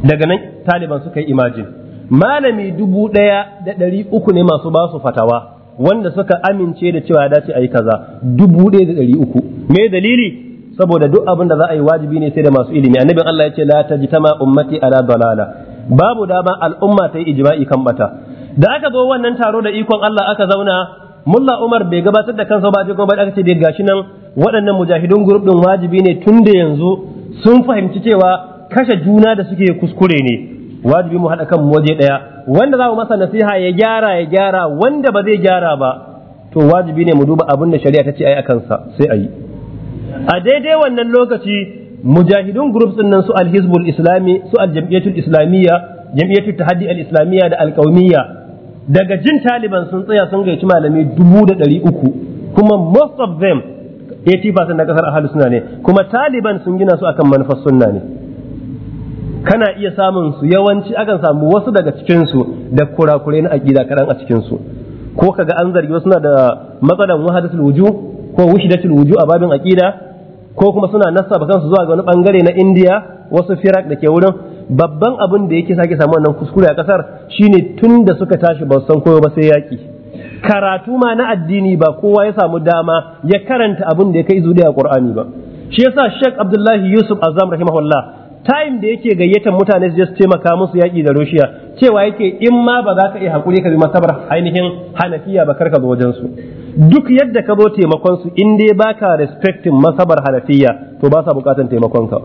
daga nan Taliban suka yi imagine malami dubu ɗaya da ɗari uku ne masu ba su fatawa wanda suka amince da cewa ya dace a yi kaza dubu ɗaya da ɗari uku me dalili saboda duk abin da za a yi wajibi ne sai da masu ilimi annabin Allah ya ce la tajtama ummati ala dalala babu dama al'umma ta yi ijma'i kan bata da aka zo wannan taro da ikon Allah aka zauna mulla Umar bai gabatar da kansa ba kuma aka ce da gashi nan waɗannan mujahidun group ɗin wajibi ne tun da yanzu sun fahimci cewa kashe juna da suke kuskure ne wajibi mu haɗa mu waje ɗaya wanda za mu masa nasiha ya gyara ya gyara wanda ba zai gyara ba to wajibi ne mu duba abin da shari'a ta ce ai akan sa sai ayi a daidai wannan lokaci mujahidun groups din nan su al-hizbul islami su al islamiyya jamiyatul tahaddi al-islamiyya da al-qaumiyya daga jin taliban sun tsaya sun gaici malami dubu da ɗari uku kuma most of them 80% na kasar ahalu suna ne kuma taliban sun gina su akan manufar sunna ne kana iya samun su yawanci akan samu wasu daga cikin su da kurakure na aqida kadan a cikin su ko kaga an zargi wasu na da matsalan wahadatul wuju ko wushidatul wuju a babin aqida ko kuma suna nasaba kansu zuwa ga wani bangare na Indiya wasu firak da ke wurin babban abin da yake sake samu wannan kuskure a kasar shine tun da suka tashi ba san koyo ba sai yaki karatu ma na addini ba kowa ya samu dama ya karanta abin da ya kai a Qur'ani ba shi yasa Sheikh Abdullahi Yusuf Azam rahimahullah time da yake gayyatar mutane su je su taimaka musu yaƙi da Russia cewa yake in ma ba za ka iya hakuri ka bi masabar ainihin Hanafiya ba karka zo wajen su duk yadda ka zo taimakon su in dai baka respecting masabar Hanafiya to ba sa bukatan taimakon ka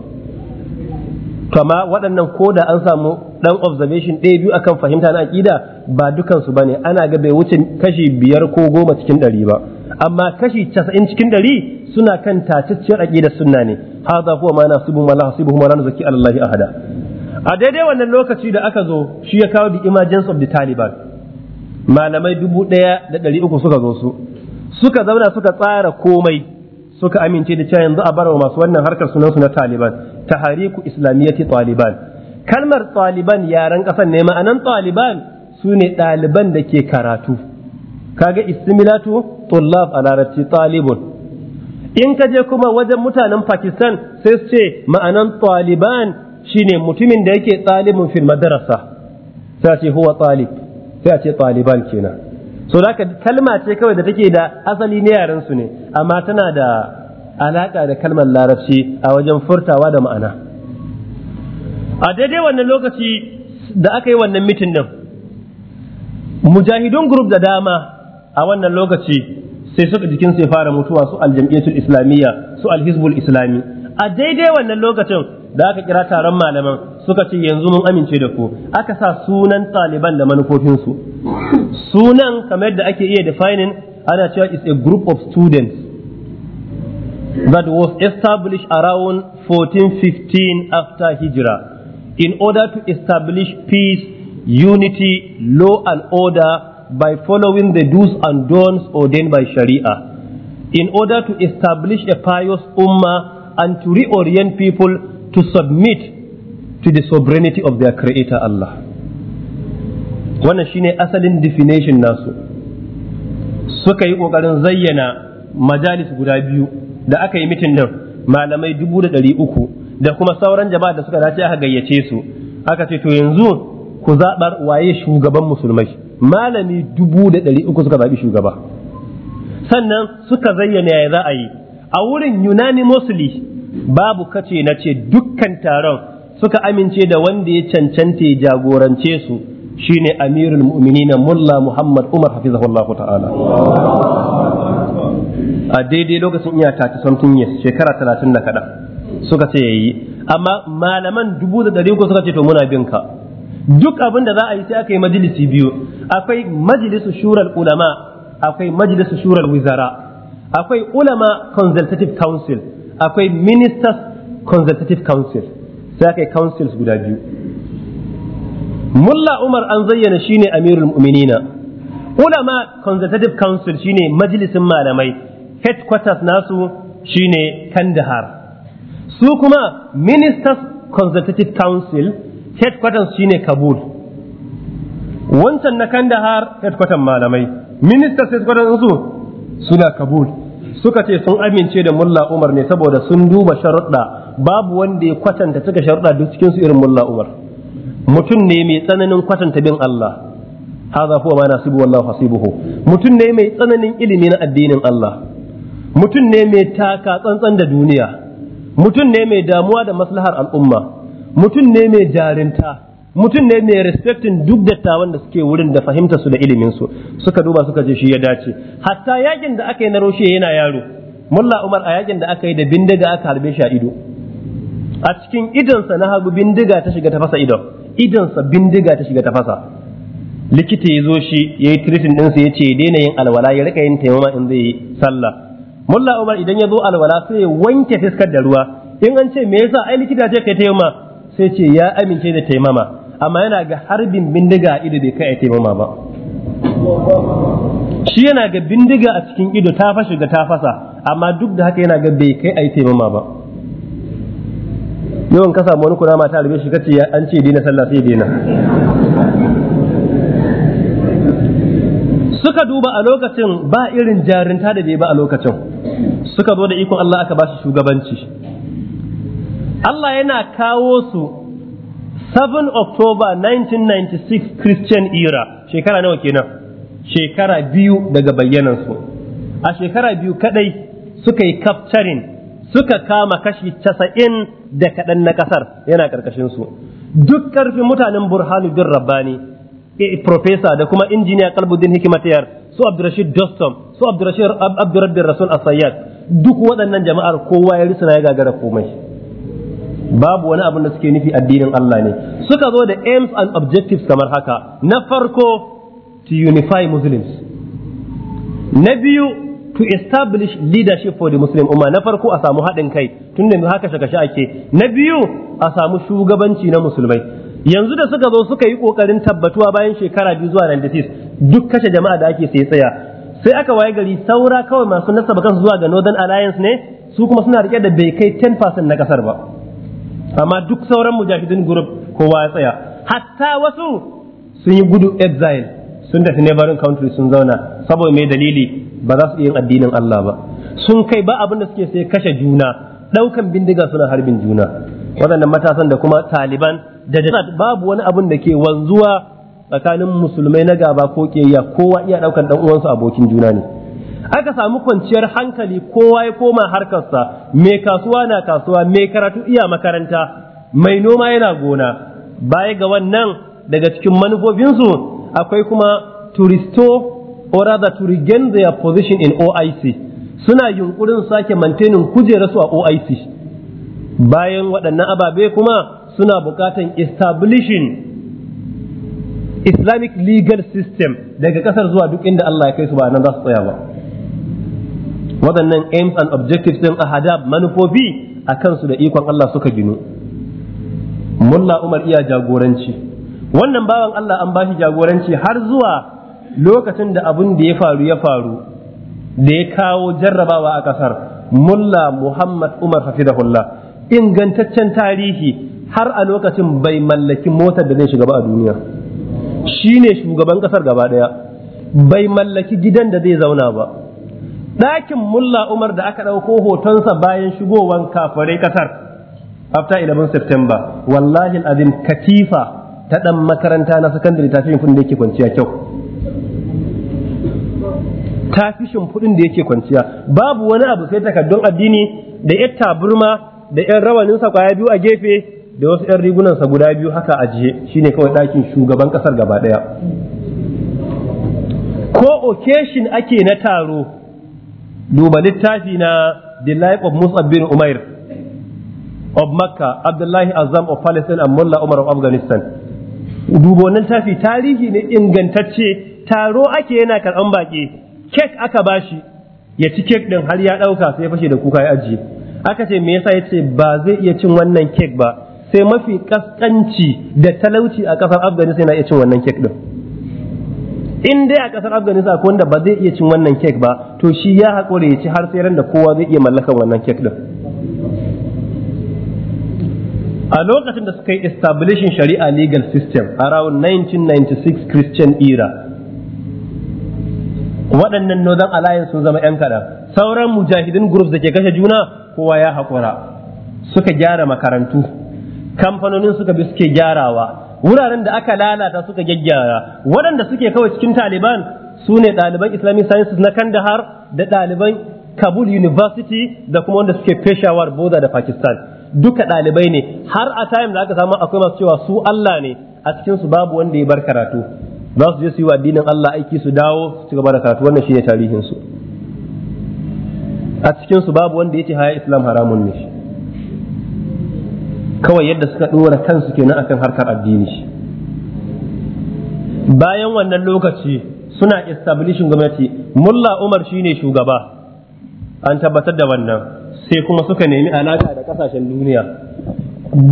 kama waɗannan ko da an samu ɗan observation ɗaya biyu akan fahimta na aƙida ba dukansu ba ne ana ga bai wuce kashi biyar ko goma cikin ɗari ba amma kashi casa'in cikin ɗari suna kan tacicciyar aƙidar sunna ne haza kuwa ma na subu mala hasibu huma ranar zaki allahi ahada a daidai wannan lokaci da aka zo shi ya kawo the emergence of the taliban malamai dubu ɗaya da ɗari uku suka zo su suka zauna suka tsara komai suka amince da cewa yanzu a bar wa masu wannan harkar sunan su na taliban tahariku islamiyyati taliban kalmar taliban yaren kasan ne ma'anan taliban su ne ɗaliban da ke karatu kaga istimilatu tullab a larabci talibun in ka je kuma wajen mutanen pakistan sai su ce ma'anan taliban shine mutumin da yake talibin fil madarasa sai ce huwa talib sai ce taliban kenan so da kalma ce kawai da take da asali ne yaren su ne amma tana da alaka da kalmar larabci a wajen furtawa da ma'ana a daidai wannan lokaci da aka yi wannan mitin din mujahidun group da dama a wannan lokaci sai suka jikin sai fara mutuwa su aljam'iyyatul islamiyya su alhizbul islami a daidai wannan lokacin da aka kira taron malaman suka ce yanzu mun amince da ku aka sa sunan taliban da manufofinsu sunan kamar yadda ake iya defining ana cewa is a group of students that was established around 1415 after Hijrah in order to establish peace, unity, law and order by following the do's and don'ts ordained by Sharia. In order to establish a pious ummah and to reorient people to submit to the sovereignty of their Creator Allah. Wannan shine asalin definition nasu. Suka yi ƙoƙarin zayyana majalis guda biyu. da aka yi mitin din malamai dubu da ɗari uku da kuma sauran jama'a da suka dace aka gayyace su aka ce to yanzu ku zaɓar waye shugaban musulmai malami dubu da ɗari uku suka zaɓi shugaba sannan suka zayyana ya za a yi a wurin mosuli babu kace na ce dukkan taron suka amince da wanda ya cancanta ya jagorance su shine amirul mu'minina mulla muhammad umar hafizahullahu ta'ala a daidai lokacin iya tati something yes shekara talatin da kaɗan suka ce yayi amma malaman dubu da ɗari suka ce to muna bin ka duk abin da za a yi sai aka yi majalisi biyu akwai majalisu shurar ulama akwai majalisu shurar wizara akwai ulama consultative council akwai ministers consultative council sai aka yi councils guda biyu mulla umar an zayyana shine amirul mu'minina ulama consultative council shine majalisin malamai headquarters nasu shine kandahar su kuma ministers consultative council headquarters shine kabul wancan na kandahar headquarters malamai ministers headquarters su suna kabul suka ce sun amince da mulla umar ne saboda sun duba sharuɗa babu wanda ya kwatanta cika sharuɗa duk cikin su irin mulla umar mutum ne mai tsananin kwatanta bin Allah haza huwa ma nasibu wallahu hasibuhu mutum ne mai tsananin ilimin addinin Allah mutum ne mai taka tsantsan da duniya mutum ne mai damuwa da maslahar al'umma mutum ne mai jarinta mutum ne mai respectin duk dattawan da suke wurin da fahimta su da ilimin su suka duba suka je shi ya dace hatta yakin da aka yi na roshe yana yaro mulla umar a yakin da aka yi da bindiga aka harbe shi a ido a cikin idonsa na hagu bindiga ta shiga ta fasa idon idonsa bindiga ta shiga ta fasa likita ya zo shi ya yi tiritin ɗinsa ya ce daina yin alwala ya rika yin taimama in zai yi sallah mulla umar idan ya zo alwala sai ya wanke fiskar da ruwa in an ce me yasa ai likita ce kai taimama sai ce ya amince da taimama amma yana ga harbin bindiga a ido bai kai taimama ba shi yana ga bindiga a cikin ido ta fashe ga ta fasa amma duk da haka yana ga bai kai ai taimama ba yawan ka samu wani kunama ta harbe shi kace an ce dina sallah sai dina suka duba a lokacin ba irin jarinta da bai ba a lokacin suka zo da ikon Allah aka ba shi shugabanci Allah yana kawo su 7 October 1996 Christian era shekara nawa kenan shekara biyu daga bayyanansu a shekara biyu kadai suka yi capturing suka kama kashi casa'in da kaɗan na ƙasar yana su duk ƙarfin mutanen bin rabbani profesa da kuma injiniya kalbuddin hikimatiyar su abdurashid dostom su abdurabbin rasul asayyad duk waɗannan jama'ar kowa ya risana ya gagara komai babu wani abin da suke nufi addinin Allah ne suka zo da aims and objectives kamar haka na farko to unify muslims na biyu to establish leadership for the Muslim umma na farko a samu haɗin kai tun da haka shaka ake na biyu a samu shugabanci na musulmai yanzu da suka zo suka yi kokarin tabbatuwa bayan shekara biyu zuwa 96 duk kashe jama'a da ake sai tsaya sai aka waye gari saura kawai masu nasaba kansu zuwa ga Northern Alliance ne su kuma suna rike da bai kai 10% na kasar ba amma duk sauran mujahidin group kowa ya tsaya hatta wasu sun yi gudu exile sun tafi neighboring country sun zauna saboda mai dalili ba za su yin addinin Allah ba sun kai ba abin da suke sai kashe juna daukan bindiga suna harbin juna waɗannan matasan da kuma taliban da babu wani abin da ke wanzuwa tsakanin musulmai na gaba ko ƙiyayya kowa iya ɗaukan ɗan uwansu abokin juna ne aka samu kwanciyar hankali kowa ya koma harkarsa mai kasuwa na kasuwa mai karatu iya makaranta mai noma yana gona baya ga wannan daga cikin manufofinsu akwai kuma to restore or rather to regain their position in OIC suna yunkurin sake mantenin kujerar su a OIC bayan waɗannan ababe kuma suna buƙatar establishing Islamic legal system daga ƙasar zuwa duk inda Allah ya kai su ba nan za su tsaya ba waɗannan aims and objectives ɗin ahadab manufofi a kansu da ikon Allah suka ginu mulla Umar iya jagoranci wannan bawan Allah an bashi jagoranci har zuwa lokacin da abin da ya faru ya faru da ya kawo jarrabawa a kasar mulla Muhammad Umar hafizahullah ingantaccen tarihi har a lokacin bai mallaki motar da zai shiga ba a duniya shine shugaban kasar gaba daya bai mallaki gidan da zai zauna ba ɗakin mulla Umar da aka ɗauko hotonsa bayan shigowan kafare kasar after 11 September wallahi azim katifa ta ɗan makaranta na sakandare ta fi shimfiɗin da yake kwanciya kyau ta fi shimfiɗin da yake kwanciya babu wani abu sai takardun addini da ‘yan taburma da ‘yan rawanin sa kwaya biyu a gefe da wasu ‘yan rigunansa guda biyu haka ajiye ne kawai ɗakin shugaban ƙasar gaba ɗaya ko occasion ake na taro duba littafi na the life of Musa bin Umair of Makka Abdullahi Azam of Palestine and Mullah Umar of Afghanistan duba wannan tafi tarihi ne ingantacce taro ake yana karɓan baƙi kek aka ba shi ya ci kek ɗin har ya ɗauka sai ya fashe da kuka ya ajiye aka ce me yasa ya ce ba zai iya cin wannan kek ba sai mafi kaskanci da talauci a ƙasar afganistan yana iya cin wannan kek ɗin in dai a ƙasar afganistan akwai wanda ba zai iya cin wannan kek ba to shi ya haƙura ya ci har sai ran da kowa zai iya mallakan wannan kek ɗin a lokacin da suka yi establishing shari'a legal system around 1996 christian era waɗannan northern alliance sun zama 'yan kaɗan sauran mujahidin groups da ke kashe juna kowa ya haƙura suka gyara makarantu kamfanonin suka bi suke gyarawa wuraren da aka lalata suka gyaggyara waɗanda suke kawai cikin taliban su ne ɗaliban islamic sciences na kandahar da ɗaliban kabul university da kuma wanda suke peshawar boda da pakistan duka ɗalibai ne har a time da aka samu akwai masu cewa su Allah ne a cikin su babu wanda ya bar karatu za su je su yi wa addinin Allah aiki su dawo su ci gaba da karatu wannan shine tarihin su a cikin su babu wanda yace haya islam haramun ne kawai yadda suka dora kansu kenan akan harkar addini bayan wannan lokaci suna establishing gwamnati mulla umar shine shugaba an tabbatar da wannan sai kuma suka nemi alaka da kasashen duniya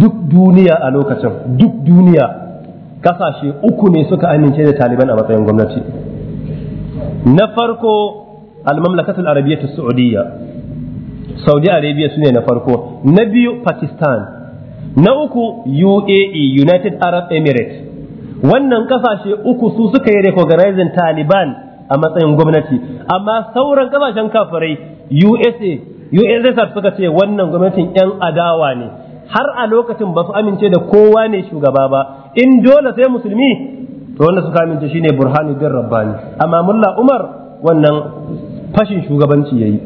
duk duniya a lokacin duk duniya kasashe uku ne suka amince da taliban a matsayin gwamnati na farko al-mamlakatul arabiyyatu saudiyya saudi arabia su ne na farko na biyu pakistan na uku uae united arab emirates wannan kasashe uku su suka yi recognizing taliban a matsayin gwamnati amma sauran kasashen kafirai usa USSR suka ce wannan gwamnatin 'yan adawa ne har a lokacin ba su amince da kowa ne shugaba ba in dole sai musulmi to wanda suka amince shine burhanuddin rabbani amma mulla umar wannan fashin shugabanci yayi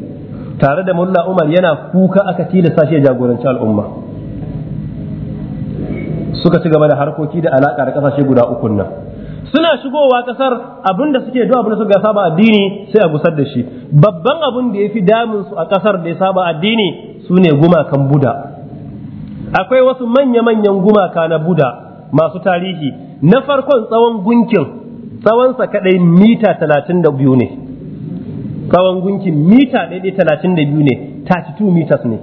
tare da mulla umar yana kuka aka tilasta shi jagoranci al'umma suka ci gaba da harkoki da alaƙa da ƙasashe guda ukun nan suna shigowa kasar abin da suke duk abin da suka saba addini sai a gusar da shi babban abin da ya fi damun su a kasar da ya saba addini su ne gumakan buda akwai wasu manya-manyan gumaka na buda masu tarihi na farkon tsawon gunkin tsawonsa kadai mita talatin da biyu ne tsawon gunkin mita ɗaiɗai talatin da biyu ne 32 meters ne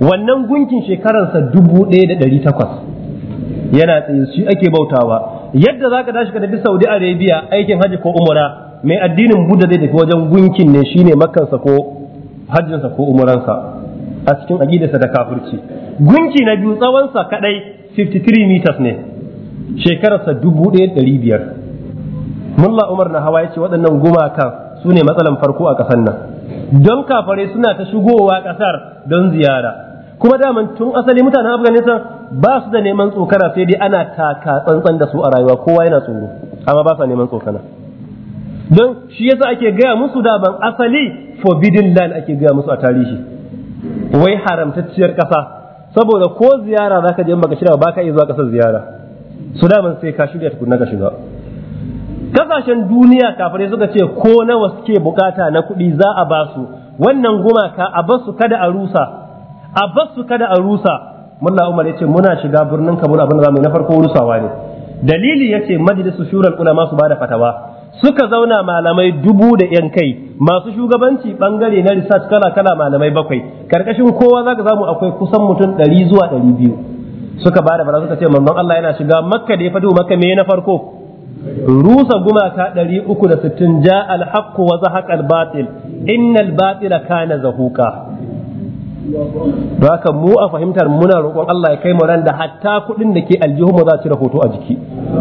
wannan gunkin shekararsa dubu ɗaya da ɗari takwas yana tsaye shi ake bautawa yadda zaka tashi ka tafi Saudi Arabia aikin hajji ko umra mai addinin Buddha zai tafi wajen gunkin ne shine makkansa ko hajjinsa ko umuransa a cikin aqidarsa da kafurci. gunki na biyu tsawonsa kadai 53 meters ne shekararsa 1500 mulla umar na hawa ya ce waɗannan gumaka su ne matsalan farko a ƙasar nan don kafare suna ta shigowa ƙasar don ziyara kuma daman tun asali mutanen afghanistan ba su da neman tsokara sai dai ana taka tsantsan da su a rayuwa kowa yana tsoro amma ba sa neman tsokana don shi yasa ake gaya musu da ban asali forbidden land ake gaya musu a tarihi wai haramtacciyar kasa saboda ko ziyara zaka je baka shirya ba iya zuwa ƙasar ziyara su daman sai ka shirya tukuna ka shiga kasashen duniya kafirai suka ce ko nawa suke bukata na kuɗi za a basu? wannan gumaka a basu kada a rusa a basu kada a rusa mulla umar yace muna shiga birnin kabul abin da zamu na farko rusawa ne dalili ya yace majlisu shural ulama su bada fatawa suka zauna malamai dubu da yan kai masu shugabanci bangare na research kala kala malamai bakwai karkashin kowa zaka samu akwai kusan mutum 100 zuwa biyu, suka bada fara suka ce manzon Allah yana shiga makka da ya fado makka me na farko rusa gumaka 360 ja al-haqqu wa zahaqa al-batil innal batila kana zahuka. don haka mu a fahimtar muna roƙon Allah ya kai mu ran da hatta kuɗin da ke aljihu mu za su da hoto a jiki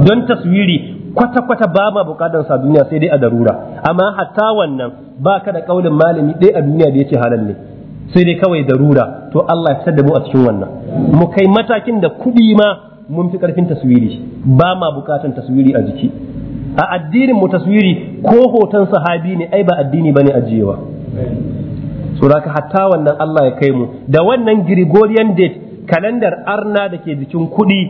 don taswiri kwata-kwata ba ma bukatar sa duniya sai dai a darura amma hatta wannan ba ka da kaulin malami ɗaya a duniya da ya ce halal ne sai dai kawai darura to Allah ya fitar da mu a cikin wannan mu kai matakin da kuɗi ma mun fi ƙarfin taswiri ba ma buƙatar taswiri a jiki a addinin mu taswiri ko hoton sahabi ne ai ba addini bane ajiyewa suraka hatta wannan Allah ya kai mu da wannan Gregorian date kalandar arna da ke jikin kuɗi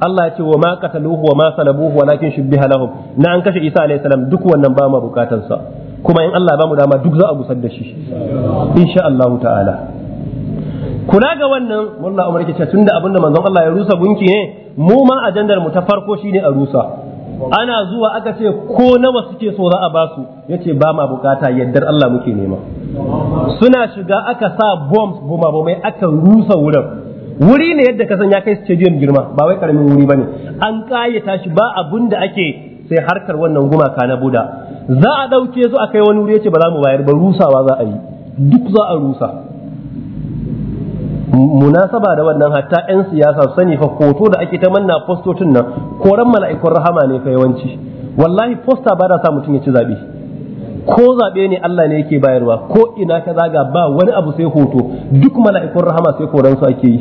Allah ya ce wa ma qataluhu wa ma salabuhu walakin shubbiha lahum na an kashe Isa alayhi salam duk wannan ba ma bukatar sa kuma in Allah ba mu dama duk za a gusar da shi insha Allah ta'ala kula ga wannan wallahi umar yake tunda abinda manzon Allah ya rusa gunki ne mu ma ajandar mu ta farko shine a rusa ana zuwa aka ce ko nawa suke so za a ba su yace ba ma bukata yadda Allah muke nema suna shiga aka sa bombs boma bomai aka rusa wurin wuri ne yadda ka san ya kai stadium girma ba wai karamin wuri bane an kayata shi ba abun da ake sai harkar wannan gumaka na buda za a ɗauke su a kai wani wuri yace ba za mu bayar ba rusawa za a yi duk za a rusa munasaba da wannan hatta 'yan siyasa sani fa hoto da ake ta manna fostotin nan koran mala'ikun rahama ne fa yawanci wallahi fosta ba da sa mutum ya ci zaɓe ko zaɓe ne Allah ne yake bayarwa ko ina ka zaga ba wani abu sai hoto duk mala'ikun rahama sai koran su ake yi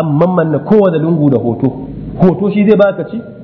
amma manna kowa da lungu da hoto hoto shi zai baka ci